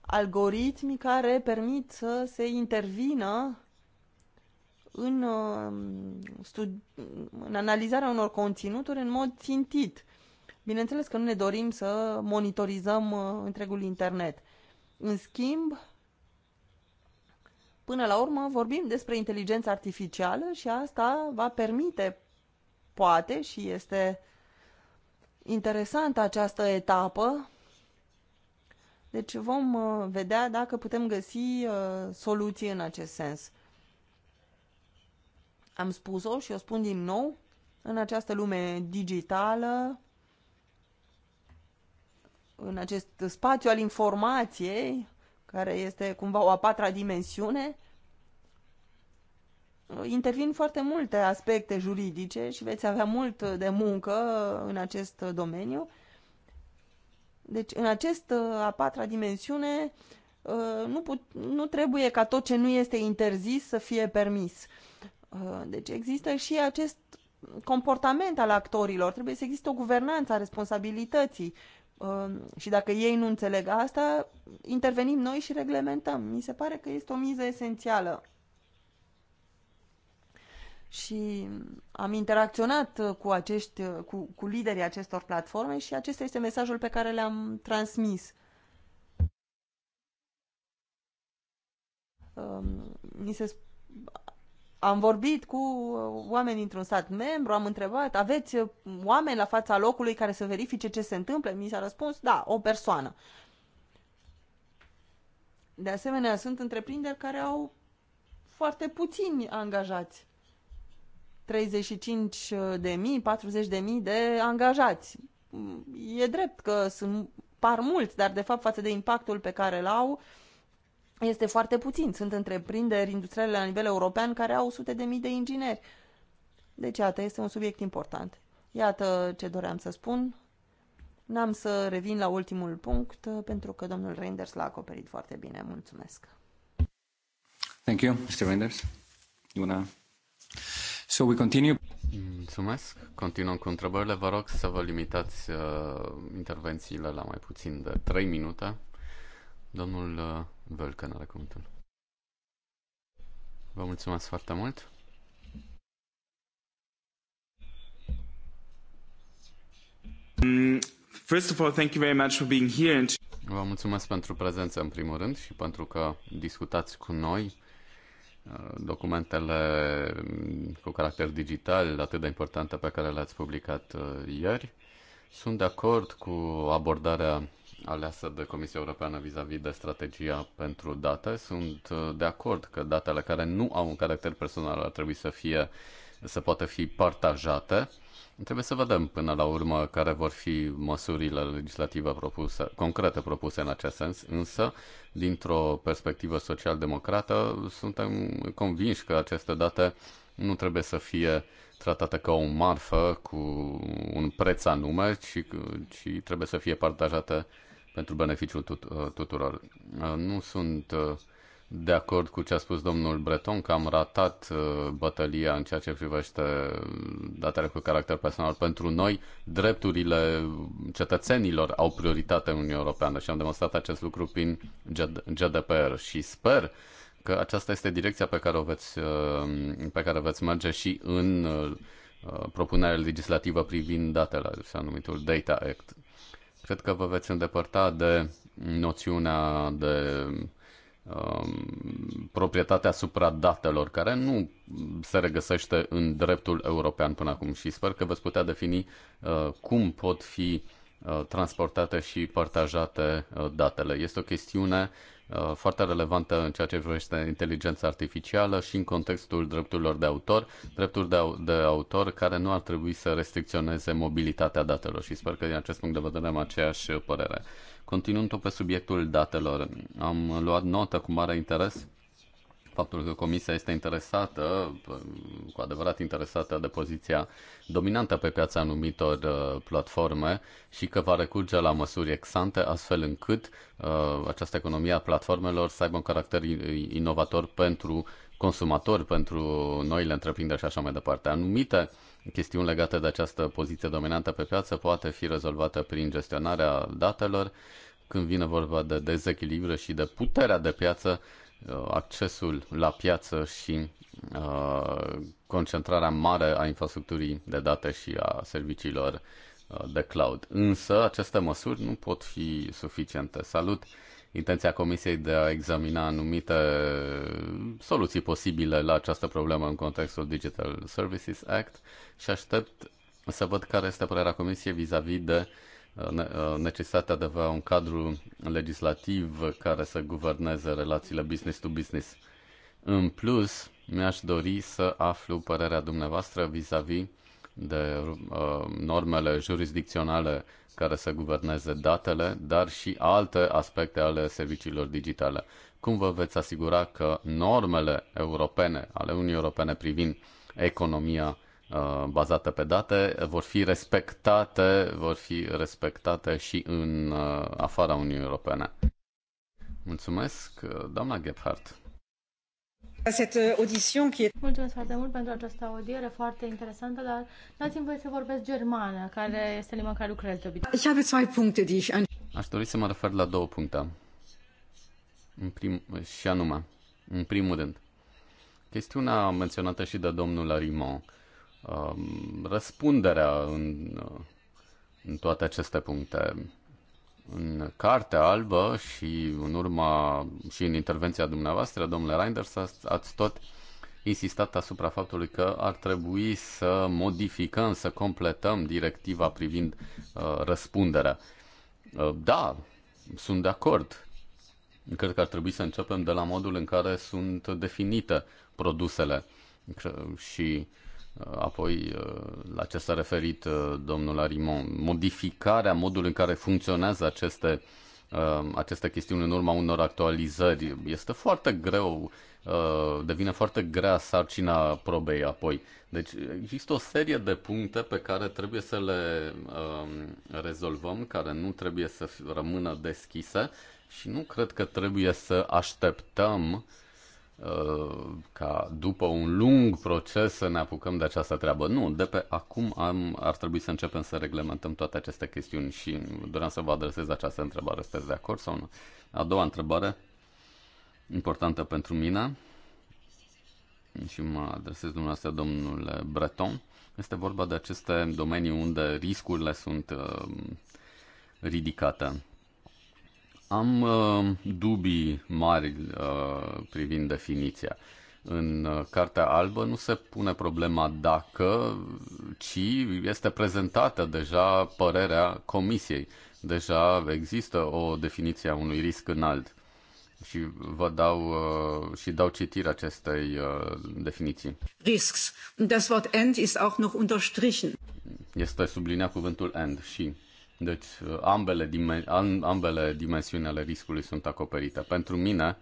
algoritmi care permit să se intervină în, uh, în analizarea unor conținuturi în mod țintit. Bineînțeles că nu ne dorim să monitorizăm uh, întregul internet. În schimb, până la urmă vorbim despre inteligența artificială și asta va permite, poate, și este interesantă această etapă. Deci vom uh, vedea dacă putem găsi soluții în acest sens. Am spus-o și o spun din nou, în această lume digitală, în acest spațiu al informației, care este cumva o a patra dimensiune, intervin foarte multe aspecte juridice și veți avea mult de muncă în acest domeniu. Deci, în acest uh, a patra dimensiune, uh, nu, put, nu trebuie ca tot ce nu este interzis să fie permis. Uh, deci există și acest comportament al actorilor. Trebuie să existe o guvernanță a responsabilității. Uh, și dacă ei nu înțeleg asta, intervenim noi și reglementăm. Mi se pare că este o miză esențială. Și am interacționat cu, acești, cu, cu liderii acestor platforme și acesta este mesajul pe care le-am transmis. Uh, mi se am vorbit cu uh, oameni dintr-un stat membru, am întrebat, aveți uh, oameni la fața locului care să verifice ce se întâmplă? Mi s-a răspuns, da, o persoană. De asemenea, sunt întreprinderi care au foarte puțini angajați. 35 de mii, 40 de mii de angajați. Mm, e drept că sunt, par mulți, dar de fapt față de impactul pe care l-au, este foarte puțin. Sunt întreprinderi industriale la nivel european care au sute de mii de ingineri. Deci, iată, este un subiect important. Iată ce doream să spun. N-am să revin la ultimul punct, uh, pentru că domnul Reinders l-a acoperit foarte bine. Mulțumesc. Thank you, Mr. Reinders. You wanna... So we continue. Mulțumesc. Continuăm cu întrebările. Vă rog să vă limitați uh, intervențiile la mai puțin de 3 minute. Domnul uh, Vălcăn are cuvântul. Vă mulțumesc foarte mult. First of all, thank you very much for being here and... Vă mulțumesc pentru prezență în primul rând și pentru că discutați cu noi uh, documentele cu caracter digital atât de importante pe care le-ați publicat uh, ieri. Sunt de acord cu abordarea aleasă de Comisia Europeană vis-a-vis -vis de strategia pentru date. Sunt uh, de acord că datele care nu au un caracter personal ar trebui să fie să poată fi partajate. Trebuie să vedem până la urmă care vor fi măsurile legislative propuse, concrete propuse în acest sens, însă, dintr-o perspectivă social-democrată, suntem convinși că aceste date nu trebuie să fie tratată ca o marfă cu un preț anume, ci, ci trebuie să fie partajată pentru beneficiul tut- uh, tuturor. Uh, nu sunt uh, de acord cu ce a spus domnul Breton, că am ratat bătălia în ceea ce privește datele cu caracter personal. Pentru noi, drepturile cetățenilor au prioritate în Uniunea Europeană și am demonstrat acest lucru prin GDPR și sper că aceasta este direcția pe care o veți, pe care veți merge și în propunerea legislativă privind datele, așa numitul Data Act. Cred că vă veți îndepărta de noțiunea de um, proprietatea asupra datelor, care nu se regăsește în dreptul european până acum și sper că veți putea defini uh, cum pot fi uh, transportate și partajate uh, datele. Este o chestiune uh, Uh, foarte relevantă în ceea ce privește inteligența artificială și în contextul drepturilor de autor, drepturi de, au- de autor care nu ar trebui să restricționeze mobilitatea datelor și sper că din acest punct de vedere am aceeași părere. Continuând tot pe subiectul datelor, am luat notă cu mare interes faptul că Comisia este interesată, cu adevărat interesată de poziția dominantă pe piața anumitor uh, platforme și că va recurge la măsuri exante, astfel încât uh, această economie a platformelor să aibă un caracter inovator pentru consumatori, pentru noile întreprinderi și așa mai departe. Anumite chestiuni legate de această poziție dominantă pe piață poate fi rezolvată prin gestionarea datelor, când vine vorba de dezechilibre și de puterea de piață Uh, accesul la piață și uh, concentrarea mare a infrastructurii de date și a serviciilor uh, de cloud. Însă aceste măsuri nu pot fi suficiente. Salut intenția Comisiei de a examina anumite soluții posibile la această problemă în contextul Digital Services Act și aștept să văd care este părerea Comisiei vis-a-vis de Uh, uh, necesitatea de a avea un cadru legislativ care să guverneze relațiile business to business. În plus, mi-aș dori să aflu părerea dumneavoastră vis-a-vis -vis de uh, normele jurisdicționale care să guverneze datele, dar și alte aspecte ale serviciilor digitale. Cum vă veți asigura că normele europene ale Uniunii Europene privind economia Uh, bazate pe date vor fi respectate, vor fi respectate și în uh, afara Uniunii Europene. Mulțumesc, uh, doamna Gebhardt. Mulțumesc foarte mult pentru această audiere foarte interesantă, dar dați-mi voie să vorbesc germană, care este limba care lucrez de obicei. Aș dori să mă refer la două puncte. În prim, și anume, în primul rând, chestiunea menționată și de domnul Arimont, Um, răspunderea în, în toate aceste puncte. În Cartea Albă și în urma și în intervenția dumneavoastră, domnule Reinders, ați tot insistat asupra faptului că ar trebui să modificăm, să completăm directiva privind uh, răspunderea. Uh, da, sunt de acord. Cred că ar trebui să începem de la modul în care sunt definite produsele și uh, apoi uh, la ce s-a referit uh, domnul Arimon, modificarea modului în care funcționează aceste, uh, aceste chestiuni în urma unor actualizări este foarte greu, devine foarte grea sarcina probei apoi. Deci există o serie de puncte pe care trebuie să le um, rezolvăm, care nu trebuie să rămână deschise și nu cred că trebuie să așteptăm Uh, ca după un lung proces să ne apucăm de această treabă. Nu, de pe acum am, ar trebui să începem să reglementăm toate aceste chestiuni și doream să vă adresez această întrebare. Sunteți de acord sau nu? A doua întrebare, importantă pentru mine, și mă adresez dumneavoastră, domnule Breton, este vorba de aceste domenii unde riscurile sunt uh, ridicate am uh, dubii mari uh, privind definiția. În uh, Cartea Albă nu se pune problema dacă, ci este prezentată deja părerea Comisiei. Deja există o definiție a unui risc înalt. Și vă dau uh, și dau citire acestei uh, definiții. Risks. das Wort end ist auch noch unterstrichen. Este subliniat cuvântul end și deci uh, ambele, dimen- ambele dimensiuni ale riscului sunt acoperite. Pentru mine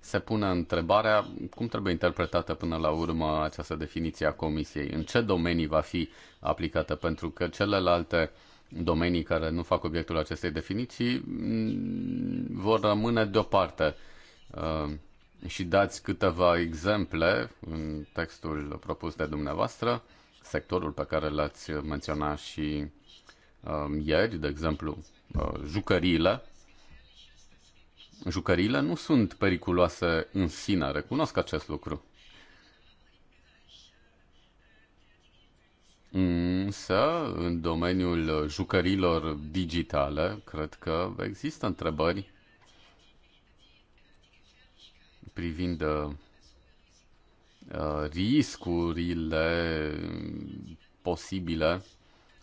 se pune întrebarea cum trebuie interpretată până la urmă această definiție a Comisiei, în ce domenii va fi aplicată, pentru că celelalte domenii care nu fac obiectul acestei definiții mm, vor rămâne deoparte. Uh, și dați câteva exemple în textul propus de dumneavoastră, sectorul pe care l-ați menționat și Um, ieri, de exemplu, uh, jucăriile, jucăriile nu sunt periculoase în sine, recunosc acest lucru. Însă, în domeniul jucărilor digitale, cred că există întrebări privind uh, riscurile posibile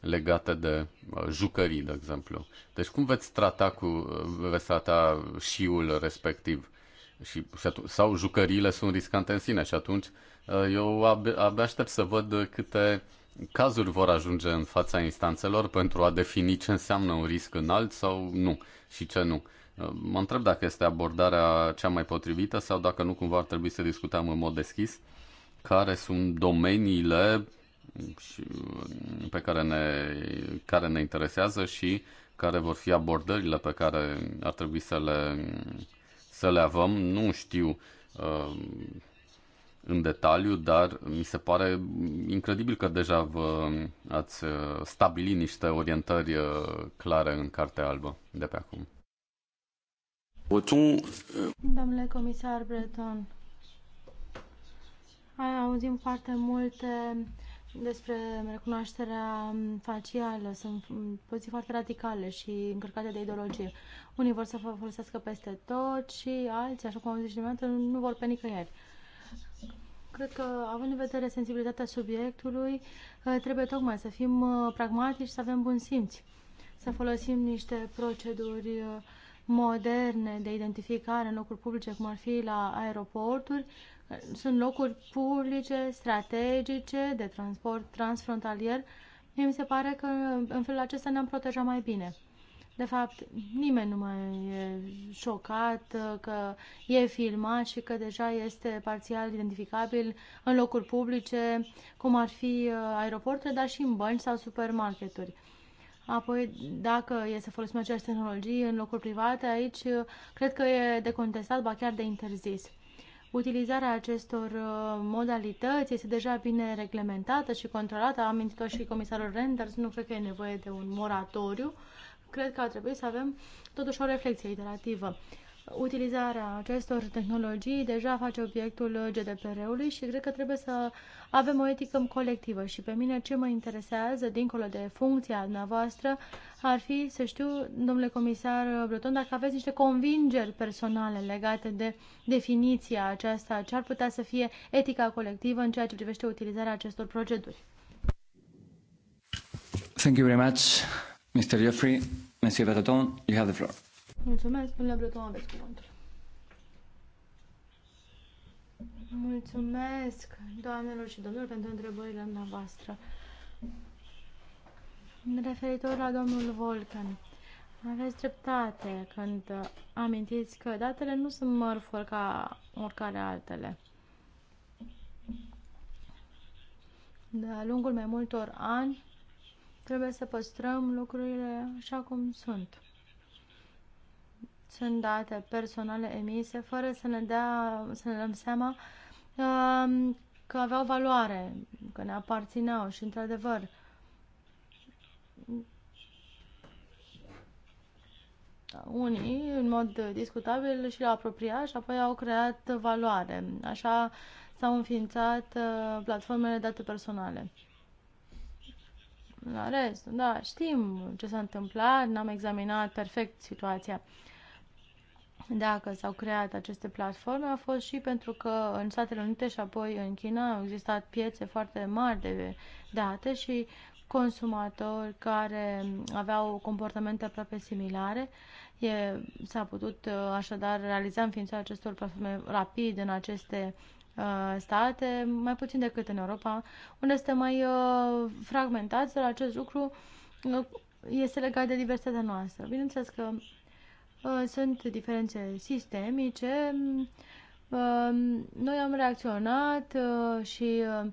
legate de uh, jucării, de exemplu. Deci cum veți trata cu uh, veți trata șiul respectiv? Și, sau jucăriile sunt riscante în sine și atunci uh, eu abia, abia aștept să văd câte cazuri vor ajunge în fața instanțelor pentru a defini ce înseamnă un risc înalt sau nu și ce nu. Mă întreb dacă este abordarea cea mai potrivită sau dacă nu cumva ar trebui să discutăm în mod deschis care sunt domeniile și, uh, pe care ne, care ne interesează și care vor fi abordările pe care ar trebui să le, să le avem. Nu știu uh, în detaliu, dar mi se pare incredibil că deja vă ați uh, stabilit niște orientări uh, clare în Cartea Albă de pe acum. Domnule comisar Breton, auzim foarte multe despre recunoașterea mm, facială. Sunt mm, poziții foarte radicale și încărcate de ideologie. Unii vor să folosească peste tot și alții, așa cum am zis și dumneavoastră, nu vor pe nicăieri. Cred că, având în vedere sensibilitatea subiectului, uh, trebuie tocmai să fim uh, pragmatici, să avem bun simț, să folosim niște proceduri uh, moderne de identificare în locuri publice, cum ar fi la aeroporturi, sunt locuri publice, strategice, de transport transfrontalier. Mie mi se pare că în felul acesta ne-am protejat mai bine. De fapt, nimeni nu mai e șocat că e filmat și că deja este parțial identificabil în locuri publice, cum ar fi uh, aeroporturile, dar și în bănci sau supermarketuri. Apoi, dacă e să folosim aceeași tehnologie în locuri private, aici uh, cred că e de contestat, ba chiar de interzis utilizarea acestor uh, modalități este deja bine reglementată și controlată. Am amintit-o și comisarul Renders, nu cred că e nevoie de un moratoriu. Cred că ar trebui să avem totuși o reflexie iterativă utilizarea acestor tehnologii deja face obiectul GDPR-ului și cred că trebuie să avem o etică colectivă și pe mine ce mă interesează, dincolo de funcția dumneavoastră, ar fi să știu, domnule comisar Breton, dacă aveți niște convingeri personale legate de definiția aceasta, ce ar putea să fie etica colectivă în ceea ce privește utilizarea acestor proceduri. Thank you very much, Mr. Geoffrey. Monsieur Breton, you have the floor. Mulțumesc, domnule Breton, aveți cuvântul. Mulțumesc, doamnelor și domnilor, pentru întrebările dumneavoastră. Referitor la domnul Volcan, aveți dreptate când amintiți că datele nu sunt mărfuri ca oricare altele. De-a lungul mai multor ani, trebuie să păstrăm lucrurile așa cum sunt sunt date personale emise fără să ne, dea, să ne dăm seama um, că aveau valoare, că ne aparțineau și, într-adevăr, unii, în mod discutabil, și le-au apropiat și apoi au creat valoare. Așa s-au înființat uh, platformele date personale. La rest, da, știm ce s-a întâmplat, n-am examinat perfect situația. Uh, dacă s-au creat aceste platforme a fost și pentru că în Statele Unite și apoi în China au existat piețe foarte mari de date și consumatori care aveau comportamente aproape similare. s-a putut uh, așadar realiza înființarea acestor platforme rapid în aceste uh, state, mai puțin decât în Europa, unde este mai fragmentați, uh, fragmentat, dar acest lucru este legat de diversitatea noastră. Bineînțeles că Uh, sunt diferențe sistemice. Um, noi am reacționat uh, și uh,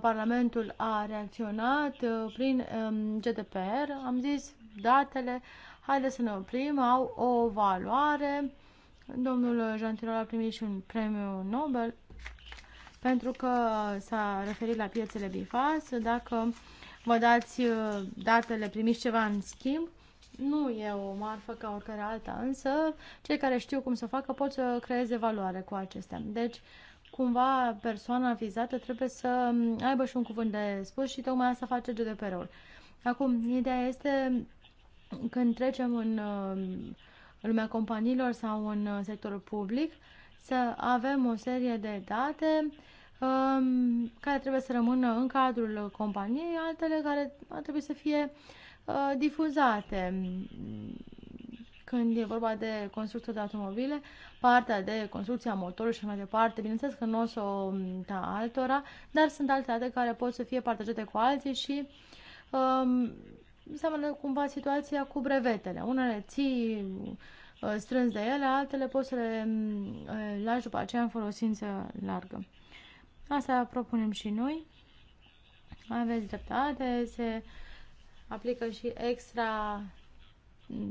Parlamentul a reacționat prin um, GDPR. Am zis datele, haideți să ne oprim, au o valoare. Domnul Jean Tirol a primit și un premiu Nobel pentru că s-a referit la piețele bifas. Dacă vă dați datele, primiți ceva în schimb, nu e o marfă ca oricare alta, însă cei care știu cum să facă pot să creeze valoare cu acestea. Deci, cumva, persoana vizată trebuie să aibă și un cuvânt de spus și tocmai asta face GDPR-ul. Acum, ideea este când trecem în, uh, lumea companiilor sau în uh, sectorul public, să avem o serie de date um, care trebuie să rămână în cadrul companiei, altele care ar trebui să fie Uh, difuzate. Mm, când e vorba de construcția de automobile, partea de construcția motorului și mai departe, bineînțeles că nu o să o mm, da altora, dar sunt alte date care pot să fie partajate cu alții și um, seamănă cumva situația cu brevetele. Unele ții uh, strâns de ele, altele poți să le mm, uh, lași după aceea în folosință largă. Asta propunem și noi. Aveți dreptate, se aplică și extra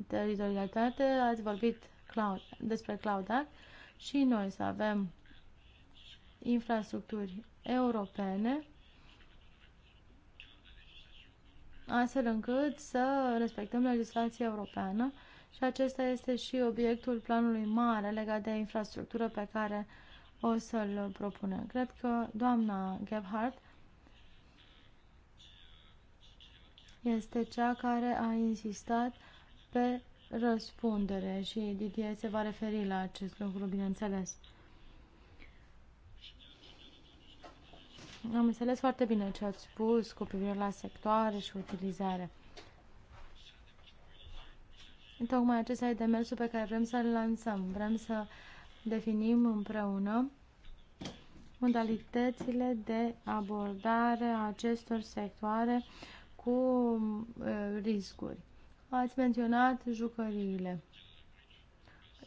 teritorialitate. Ați vorbit cloud, despre Cloud Act și noi să avem infrastructuri europene astfel încât să respectăm legislația europeană și acesta este și obiectul planului mare legat de infrastructură pe care o să-l propunem. Cred că doamna Gebhardt este cea care a insistat pe răspundere și Didier se va referi la acest lucru, bineînțeles. Am înțeles foarte bine ce ați spus cu privire la sectoare și utilizare. Tocmai acesta e demersul pe care vrem să-l lansăm. Vrem să definim împreună modalitățile de abordare a acestor sectoare cu uh, riscuri. Ați menționat jucăriile.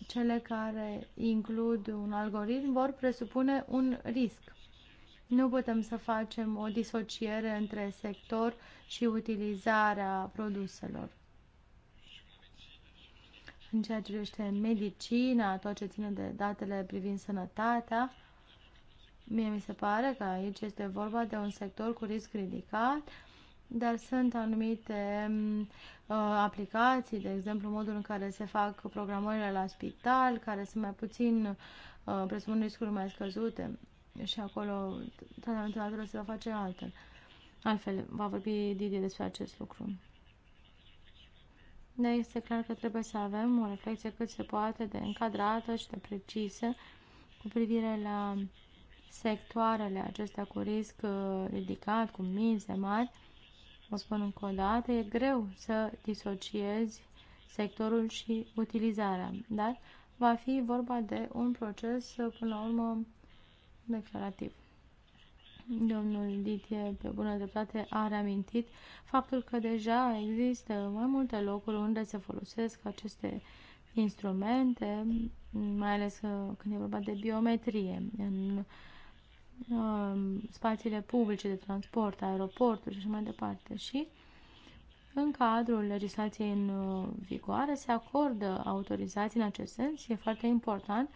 Cele care includ un algoritm vor presupune un risc. Nu putem să facem o disociere între sector și utilizarea produselor. În ceea ce privește medicina, tot ce ține de datele privind sănătatea, mie mi se pare că aici este vorba de un sector cu risc ridicat, dar sunt anumite mm, uh, aplicații, de exemplu modul în care se fac programările la spital, care sunt mai puțin, uh, presupun riscuri mai scăzute și acolo tratamentul natural se va face altfel. Altfel, va vorbi Didier despre acest lucru. Dar este clar că trebuie să avem o reflexie cât se poate de încadrată și de precisă cu privire la sectoarele acestea cu risc uh, ridicat, cu mize mari, o spun încă o dată, e greu să disociezi sectorul și utilizarea, dar va fi vorba de un proces, până la urmă, declarativ. Domnul Ditie, pe bună dreptate, a reamintit faptul că deja există mai multe locuri unde se folosesc aceste instrumente, mai ales uh, când e vorba de biometrie. În Um, spațiile publice de transport, aeroporturi și mai departe. Și în cadrul legislației în uh, vigoare se acordă autorizații în acest sens, e foarte important,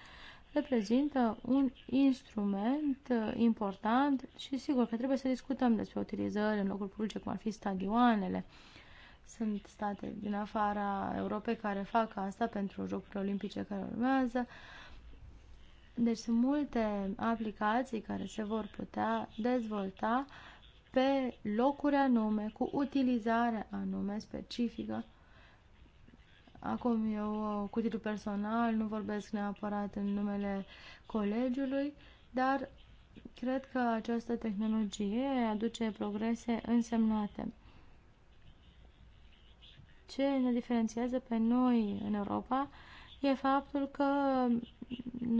reprezintă un instrument uh, important și sigur că trebuie să discutăm despre utilizări în locuri publice, cum ar fi stadioanele. Sunt state din afara Europei care fac asta pentru Jocurile Olimpice care urmează. Uh, deci sunt multe aplicații care se vor putea dezvolta pe locuri anume, cu utilizare anume specifică. Acum eu, cu titlu personal, nu vorbesc neapărat în numele colegiului, dar cred că această tehnologie aduce progrese însemnate. Ce ne diferențiază pe noi în Europa e faptul că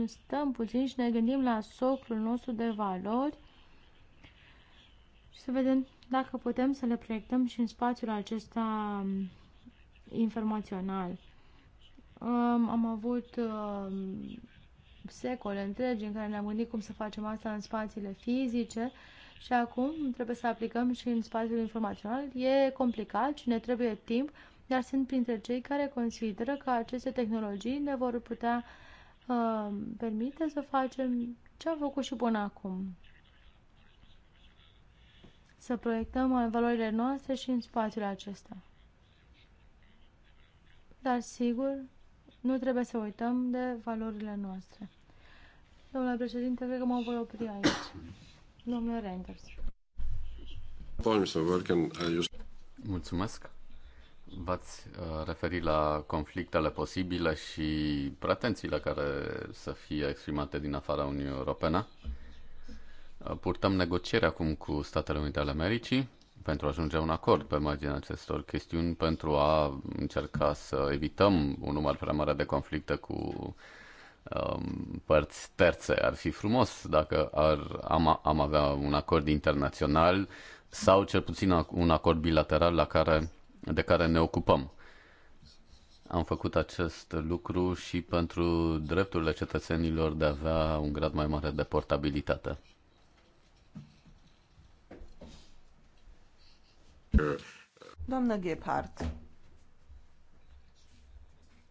stăm puțin și ne gândim la soclul nostru de valori și să vedem dacă putem să le proiectăm și în spațiul acesta um, informațional. Um, am avut um, secole întregi în care ne-am gândit cum să facem asta în spațiile fizice și acum trebuie să aplicăm și în spațiul informațional. E complicat și ne trebuie timp, dar sunt printre cei care consideră că aceste tehnologii ne vor putea uh, permite să facem ce am făcut și până acum. Să proiectăm valorile noastre și în spațiul acesta. Dar, sigur, nu trebuie să uităm de valorile noastre. Domnule președinte, cred că mă voi opri aici. Domnule Reinders. Uh, Mulțumesc. V-ați uh, referit la conflictele posibile și pretențiile care să fie exprimate din afara Uniunii Europene. Uh, purtăm negocieri acum cu Statele Unite ale Americii pentru a ajunge un acord pe marginea acestor chestiuni, pentru a încerca să evităm un număr prea mare de conflicte cu um, părți terțe. Ar fi frumos dacă ar, am, am avea un acord internațional sau cel puțin un acord bilateral la care de care ne ocupăm. Am făcut acest lucru și pentru drepturile cetățenilor de a avea un grad mai mare de portabilitate. Doamnă Gephardt,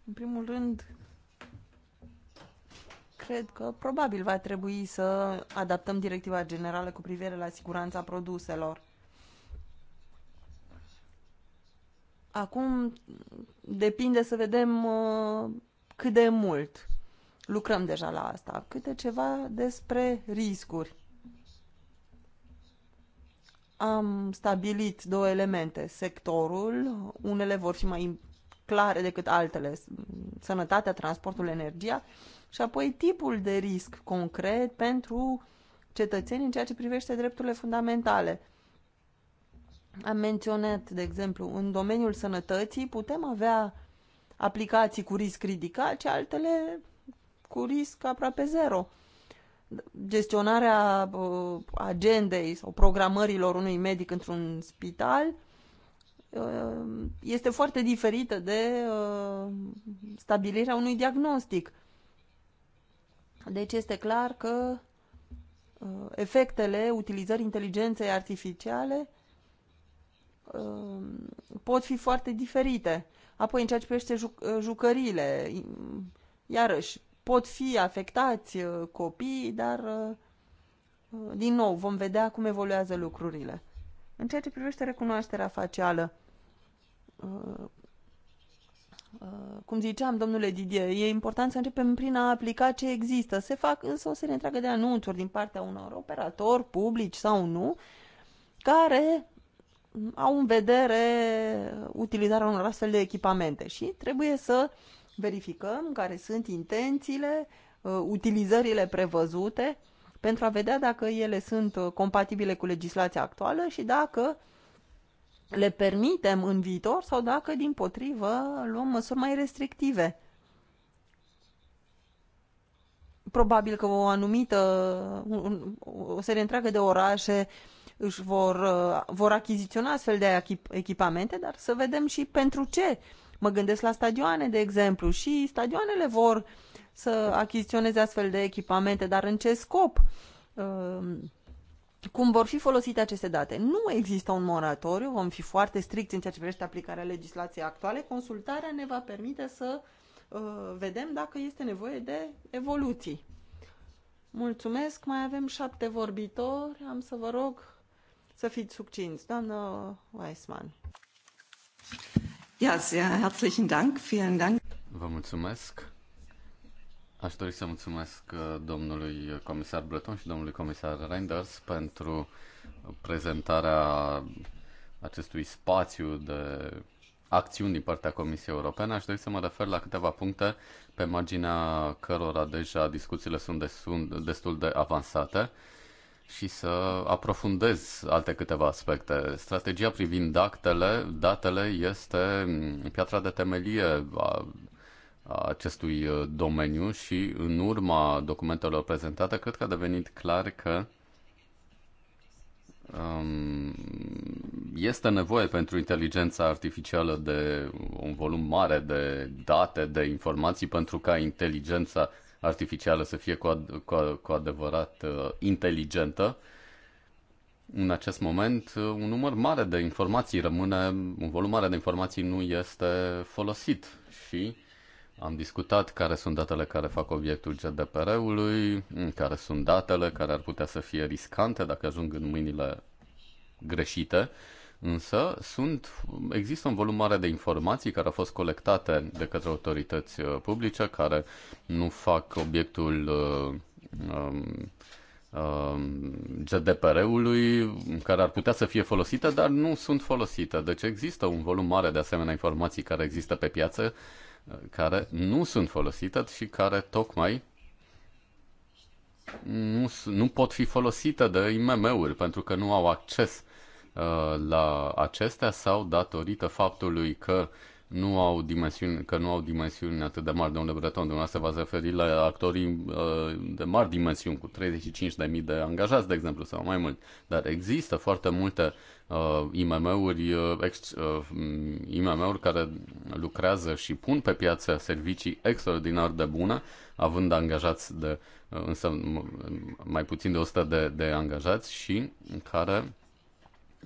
în primul rând, cred că probabil va trebui să adaptăm directiva generală cu privire la siguranța produselor. Acum depinde să vedem uh, cât de mult. Lucrăm deja la asta. Câte ceva despre riscuri. Am stabilit două elemente. Sectorul, unele vor fi mai clare decât altele, sănătatea, transportul, energia, și apoi tipul de risc concret pentru cetățenii în ceea ce privește drepturile fundamentale am menționat, de exemplu, în domeniul sănătății putem avea aplicații cu risc ridicat și altele cu risc aproape zero. Gestionarea uh, agendei sau programărilor unui medic într-un spital uh, este foarte diferită de uh, stabilirea unui diagnostic. Deci este clar că uh, efectele utilizării inteligenței artificiale Um, pot fi foarte diferite. Apoi, în ceea ce privește juc- uh, jucăriile, iarăși, pot fi afectați uh, copii, dar, uh, din nou, vom vedea cum evoluează lucrurile. În ceea ce privește recunoașterea facială, cum ziceam, domnule Didier, e important să începem prin a aplica ce există. Se fac însă o serie întreagă de anunțuri din partea unor operatori publici sau nu, care au în vedere utilizarea unor astfel de echipamente și trebuie să verificăm care sunt intențiile, uh, utilizările prevăzute pentru a vedea dacă ele sunt uh, compatibile cu legislația actuală și dacă le permitem în viitor sau dacă, din potrivă, luăm măsuri mai restrictive. Probabil că o anumită, o serie întreagă de orașe uh, își vor, uh, vor achiziționa astfel de echipamente, dar să vedem și pentru ce. Mă gândesc la stadioane, de exemplu, și stadioanele vor să achiziționeze astfel de echipamente, dar în ce scop? Uh, cum vor fi folosite aceste date? Nu există un moratoriu, vom fi foarte stricți în ceea ce privește aplicarea legislației actuale. Consultarea ne va permite să uh, vedem dacă este nevoie de evoluții. Mulțumesc, mai avem șapte vorbitori. Am să vă rog să fiți succinți. Doamnă Weissmann. Ja, sehr herzlichen Dank. Vielen Dank. Vă mulțumesc. Aș dori să mulțumesc uh, domnului comisar Breton și domnului comisar Reinders pentru prezentarea acestui spațiu de acțiuni din partea Comisiei Europene. Aș dori să mă refer la câteva puncte pe marginea cărora deja discuțiile sunt destul de avansate și să aprofundez alte câteva aspecte. Strategia privind datele, datele este mm, piatra de temelie a acestui uh, domeniu și în urma documentelor prezentate cred că a devenit clar că um, este nevoie pentru inteligența artificială de un volum mare de date, de informații pentru ca inteligența artificială să fie cu, ad- cu, cu adevărat uh, inteligentă. În acest moment, uh, un număr mare de informații rămâne, un volum mare de informații nu este folosit și am discutat care sunt datele care fac obiectul GDPR-ului, mm, care sunt datele care ar putea să fie riscante dacă ajung în mâinile greșite Însă sunt, există un volum mare de informații care au fost colectate de către autorități uh, publice care nu fac obiectul uh, um, um, GDPR-ului care ar putea să fie folosite, dar nu sunt folosite. Deci există un volum mare de asemenea informații care există pe piață uh, care nu sunt folosite și care tocmai nu, nu pot fi folosite de IMM-uri pentru că nu au acces Uh, la acestea sau datorită faptului că nu au dimensiuni, că nu au dimensiuni atât de mari, domnule Breton, dumneavoastră v-ați referit la actorii uh, de mari dimensiuni, cu 35.000 de angajați, de exemplu, sau mai mult. Dar există foarte multe uh, IMM-uri, uh, ex, uh, IMM-uri care lucrează și pun pe piață servicii extraordinar de bune, având angajați de, uh, însă mai puțin de 100 de, de angajați și care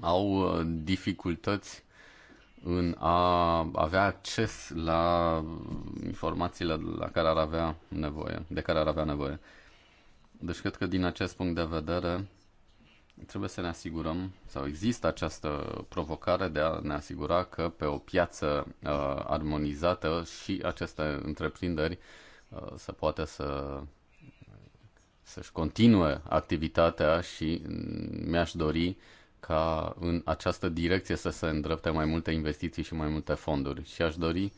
au uh, dificultăți în a avea acces la informațiile la care ar avea nevoie, de care ar avea nevoie. Deci cred că din acest punct de vedere trebuie să ne asigurăm, sau există această provocare de a ne asigura că pe o piață uh, armonizată și aceste întreprinderi uh, să poată să să-și continue activitatea și mi-aș dori uh, ca în această direcție să se îndrepte mai multe investiții și mai multe fonduri. Și aș dori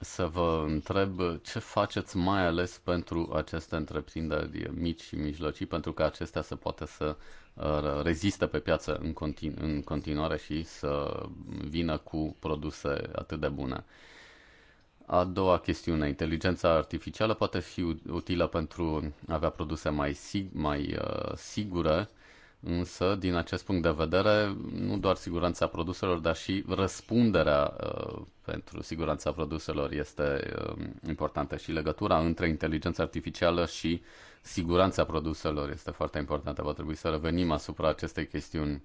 să vă întreb ce faceți mai ales pentru aceste întreprinderi mici și mijlocii, pentru că acestea să poată să uh, reziste pe piață în, continu- în continuare și să vină cu produse atât de bune. A doua chestiune, inteligența artificială poate fi utilă pentru a avea produse mai, sig- mai uh, sigure Însă, din acest punct de vedere, nu doar siguranța produselor, dar și răspunderea uh, pentru siguranța produselor este uh, importantă și legătura între inteligența artificială și siguranța produselor este foarte importantă. Va trebui să revenim asupra acestei chestiuni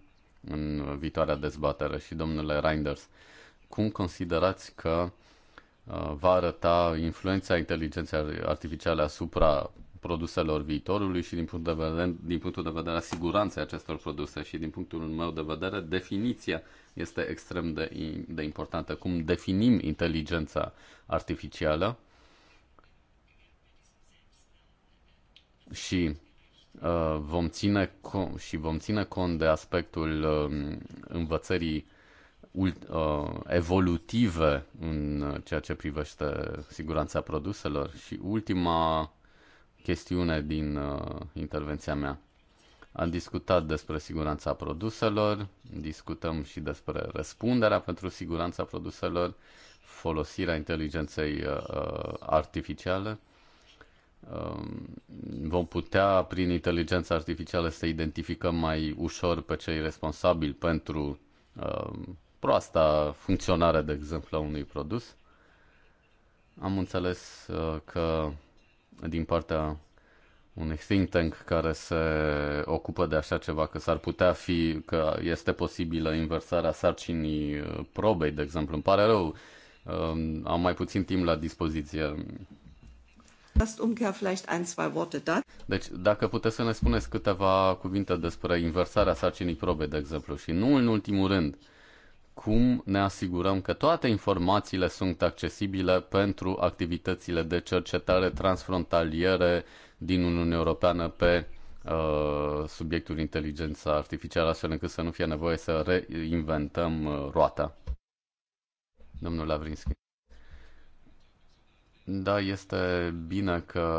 în viitoarea dezbatere. Și, domnule Reinders, cum considerați că uh, va arăta influența inteligenței artificiale asupra produselor viitorului și din, punct de vedere, din punctul de vedere a siguranței acestor produse și din punctul meu de vedere definiția este extrem de, de importantă. Cum definim inteligența artificială și uh, vom ține con- și vom ține cont de aspectul um, uh, învățării evolutive în ceea ce privește siguranța produselor și ultima chestiune din uh, intervenția mea. Am discutat despre siguranța produselor, discutăm și despre răspunderea pentru siguranța produselor, folosirea inteligenței uh, uh artificiale. Uh, vom putea, prin inteligența artificială, să identificăm mai ușor pe cei responsabili pentru uh, proasta funcționare, de exemplu, a unui produs. Am înțeles uh, că din partea unui think tank care se ocupă de așa ceva, că s-ar putea fi, că este posibilă inversarea sarcinii uh, probei, de exemplu. Îmi pare rău, um, am mai puțin timp la dispoziție. Da- deci, dacă puteți să ne spuneți câteva cuvinte despre inversarea sarcinii probei, de exemplu, și nu în ultimul rând, uh, cum ne asigurăm că toate informațiile sunt accesibile pentru activitățile de cercetare transfrontaliere din Uniunea Europeană pe uh, subiectul inteligența artificială, astfel încât să nu fie nevoie să reinventăm uh, roata. Domnul Lavrinski. Da, este bine că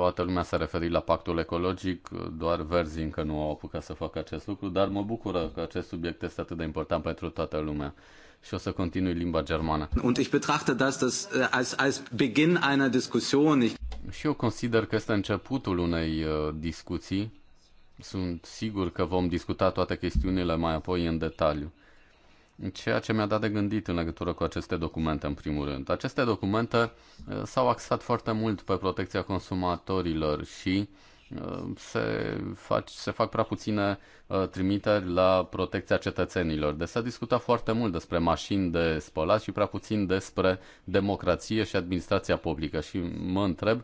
Toată lumea s-a referit la pactul ecologic, doar verzi încă nu au apucat să facă acest lucru, dar mă bucură că acest subiect este atât de important pentru toată lumea și o să continui limba germană. Und ich betrachte das, das äh, als, als Beginn einer Diskussion. Ich... Și eu consider că este începutul unei uh, discuții. Sunt sigur că vom discuta toate chestiunile mai apoi în detaliu ceea ce mi-a dat de gândit în legătură cu aceste documente, în primul rând. Aceste documente uh, s-au axat foarte mult pe protecția consumatorilor și uh, se, fac, se fac prea puține uh, trimiteri la protecția cetățenilor. Deci s-a discutat foarte mult despre mașini de spălat și prea puțin despre democrație și administrația publică. Și mă întreb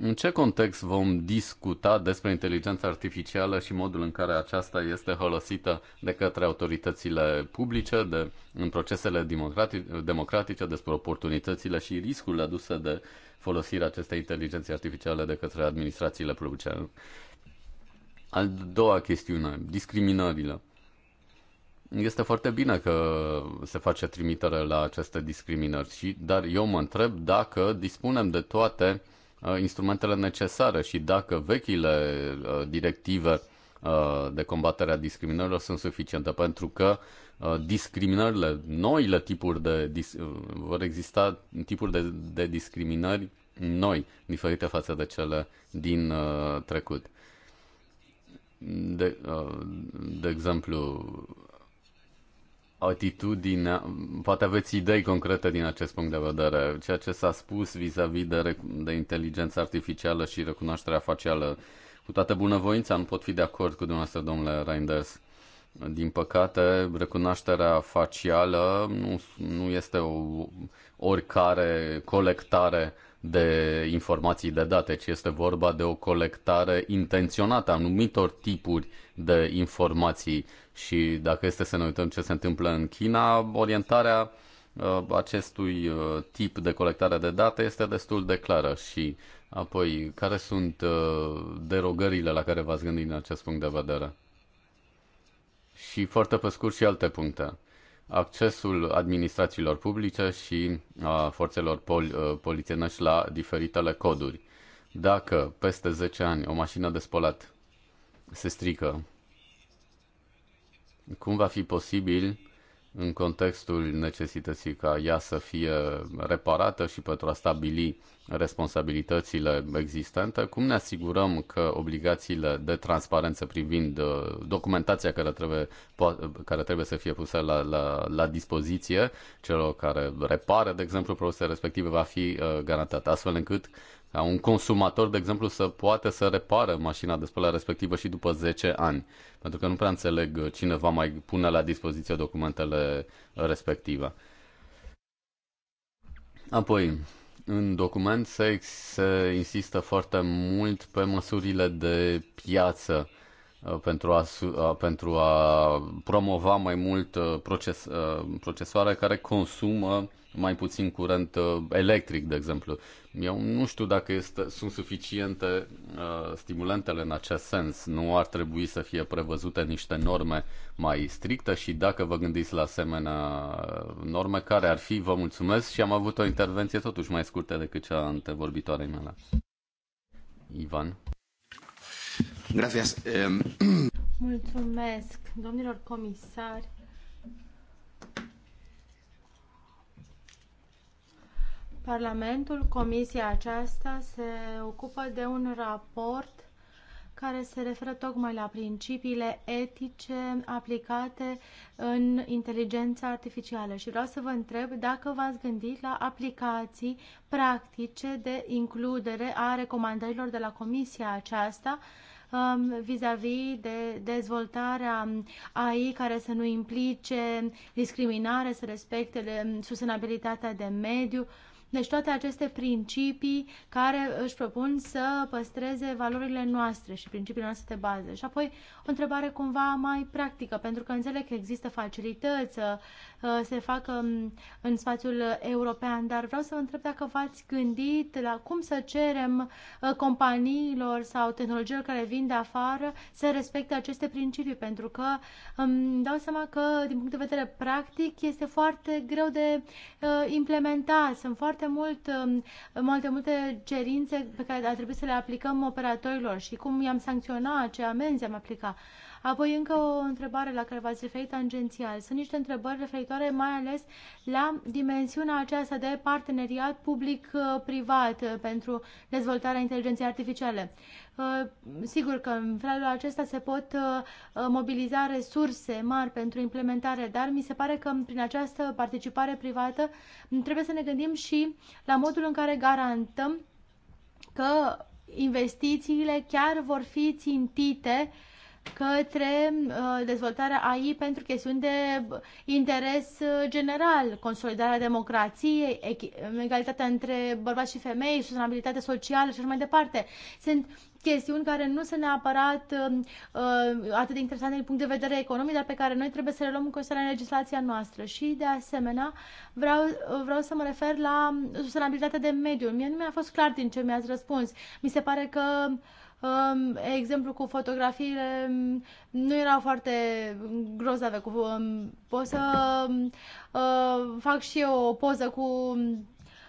în ce context vom discuta despre inteligența artificială și modul în care aceasta este folosită de către autoritățile publice, de, în procesele democratice, democratice, despre oportunitățile și riscurile aduse de folosirea acestei inteligențe artificiale de către administrațiile publice? Al doua chestiune, discriminările. Este foarte bine că se face trimitere la aceste discriminări, și, dar eu mă întreb dacă dispunem de toate Uh, instrumentele necesare și dacă vechile uh, directive uh, de combatere a discriminărilor sunt suficiente, pentru că discriminările, noile tipuri de, vor exista tipuri de, de discriminări noi, diferite față de cele din trecut. De, de exemplu, atitudine, poate aveți idei concrete din acest punct de vedere, ceea ce s-a spus vis-a-vis -vis de, de inteligența artificială și recunoașterea facială. Cu toată bunăvoința nu pot fi de acord cu dumneavoastră, domnule Reinders. Din păcate, recunoașterea facială nu, nu este o oricare colectare de informații, de date, ci este vorba de o colectare intenționată a anumitor tipuri de informații. Și dacă este să ne uităm ce se întâmplă în China, orientarea uh, acestui uh, tip de colectare de date este destul de clară și apoi care sunt uh, derogările la care v-ați gândit în acest punct de vedere? Și foarte pe scurt și alte puncte accesul administrațiilor publice și a forțelor pol- polițienești la diferitele coduri. Dacă peste 10 ani o mașină de spălat se strică, cum va fi posibil în contextul necesității ca ea să fie reparată și pentru a stabili responsabilitățile existente, cum ne asigurăm că obligațiile de transparență privind uh, documentația care trebuie, care trebuie să fie pusă la, la, la dispoziție celor care repară, de exemplu, produsele respective va fi uh, garantată, astfel încât ca un consumator, de exemplu, să poată să repară mașina de spălare respectivă și după 10 ani. Pentru că nu prea înțeleg uh, cine va mai pune la dispoziție documentele respective. Apoi, în document se, se insistă foarte mult pe măsurile de piață uh, pentru a, uh, pentru a promova mai mult proces, procesoare care consumă mai puțin curent electric, de exemplu. Eu nu știu dacă este, sunt suficiente uh, stimulentele în acest sens. Nu ar trebui să fie prevăzute niște norme mai stricte și dacă vă gândiți la asemenea uh, norme, care ar fi, vă mulțumesc și am avut o intervenție totuși mai scurtă decât cea antevorbitoarei mele. Ivan. Gracias. Mulțumesc, domnilor comisari Parlamentul, comisia aceasta, se ocupă de un raport care se referă tocmai la principiile etice aplicate în inteligența artificială. Și vreau să vă întreb dacă v-ați gândit la aplicații practice de includere a recomandărilor de la comisia aceasta um, vis-a-vis -vis de dezvoltarea AI care să nu implice discriminare, să respecte sustenabilitatea de mediu. Deci toate aceste principii care își propun să păstreze valorile noastre și principiile noastre de bază. Și apoi o întrebare cumva mai practică, pentru că înțeleg că există facilități, uh, se facă um, în spațiul european, dar vreau să vă întreb dacă v-ați gândit la cum să cerem uh, companiilor sau tehnologiilor care vin de afară să respecte aceste principii, pentru că um, îmi dau seama că, din punct de vedere practic, este foarte greu de uh, implementat, sunt foarte foarte mult, um, multe, multe cerințe pe care ar trebui să le aplicăm operatorilor și cum i-am sancționat, ce amenzi am aplicat. Apoi încă o întrebare la care v-ați referit tangențial. Sunt niște întrebări referitoare mai ales la dimensiunea aceasta de parteneriat public-privat uh, pentru dezvoltarea inteligenței artificiale. Uh, sigur că în felul acesta se pot uh, mobiliza resurse mari pentru implementare, dar mi se pare că prin această participare privată trebuie să ne gândim și la modul în care garantăm că investițiile chiar vor fi țintite către uh, dezvoltarea AI pentru chestiuni de interes uh, general, consolidarea democrației, egalitatea între bărbați și femei, sustenabilitatea socială și așa mai departe. Sunt chestiuni care nu sunt neapărat uh, uh, atât de interesante din punct de vedere economic, dar pe care noi trebuie să le luăm în considerare în legislația noastră. Și, de asemenea, vreau, vreau să mă refer la sustenabilitatea de mediu. Mie nu mi-a fost clar din ce mi-ați răspuns. Mi se pare că uh, um, exemplu cu fotografiile um, nu erau foarte grozave. Cu, um, pot să um, uh, fac și eu o poză cu um,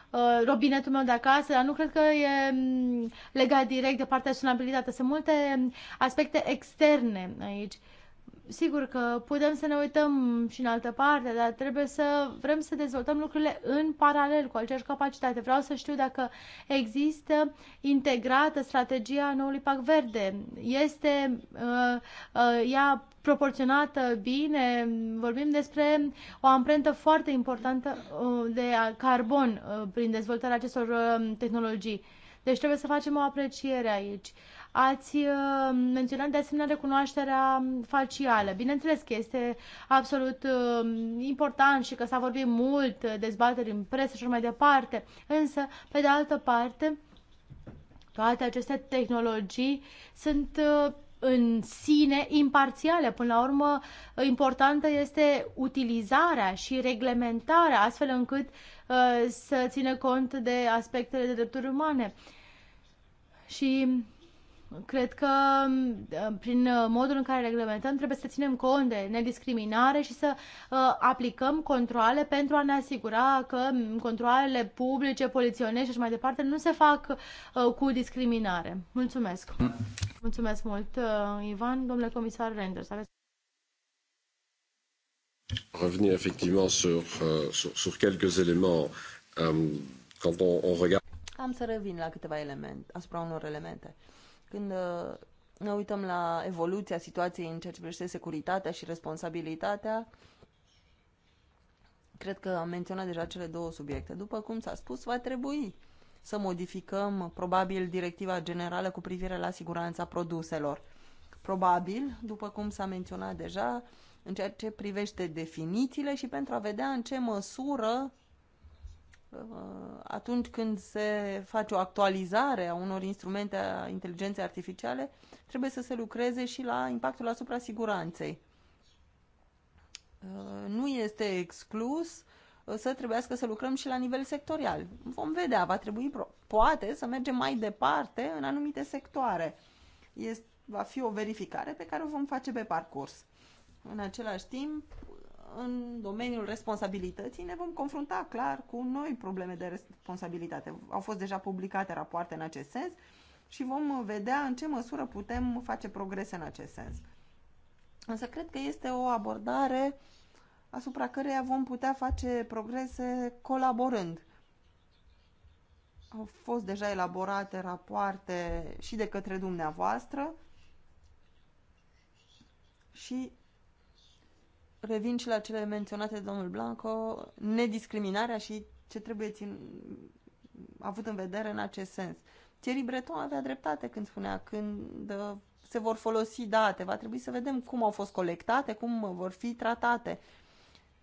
uh, robinetul meu de acasă, dar nu cred că e legat direct de partea de sunabilitate. Sunt multe aspecte externe aici. Uh, Sigur că putem să ne uităm și în altă parte, dar trebuie să vrem să dezvoltăm lucrurile în paralel cu aceeași capacitate. Vreau să știu dacă există integrată strategia noului pac verde. Este uh, uh, ea proporționată bine? Vorbim despre o amprentă foarte importantă uh, de carbon uh, prin dezvoltarea acestor uh, tehnologii. Deci trebuie să facem o apreciere aici. Uh, Ați uh, menționat de asemenea recunoașterea facială. Bineînțeles că este absolut uh, important și că s-a vorbit mult dezbateri în presă și mai departe, însă, pe de altă parte, toate aceste tehnologii sunt uh, în sine imparțiale. Până la urmă, importantă este utilizarea și reglementarea, astfel încât să ține cont de aspectele de drepturi umane. Și Cred că uh, prin uh, modul în care reglementăm trebuie să ținem cont de nediscriminare și să uh, aplicăm controle pentru a ne asigura că controlele publice, poliționești și mai departe nu se fac uh, cu discriminare. Mulțumesc! Mulțumesc mult, uh, Ivan, domnule comisar Renders. Aveți... Reveni, effectivement sur, euh, sur, sur quelques éléments euh, quand on, on regarde. Am să revin la câteva elemente, asupra unor elemente. Când uh, ne uităm la evoluția situației în ceea ce privește securitatea și responsabilitatea, cred că am menționat deja cele două subiecte. După cum s-a spus, va trebui să modificăm probabil directiva generală cu privire la siguranța produselor. Probabil, după cum s-a menționat deja, în ceea ce privește definițiile și pentru a vedea în ce măsură Uh, atunci când se face o actualizare a unor instrumente a inteligenței artificiale, trebuie să se lucreze și la impactul asupra siguranței. Uh, nu este exclus uh, să trebuiască să lucrăm și la nivel sectorial. Vom vedea, va trebui poate să mergem mai departe în anumite sectoare. Este, va fi o verificare pe care o vom face pe parcurs. În același timp, în domeniul responsabilității ne vom confrunta clar cu noi probleme de responsabilitate. Au fost deja publicate rapoarte în acest sens și vom vedea în ce măsură putem face progrese în acest sens. Însă cred că este o abordare asupra căreia vom putea face progrese colaborând. Au fost deja elaborate rapoarte și de către dumneavoastră și revin și la cele menționate de domnul Blanco, nediscriminarea și ce trebuie țin, avut în vedere în acest sens. Thierry Breton avea dreptate când spunea când uh, se vor folosi date, va trebui să vedem cum au fost colectate, cum vor fi tratate.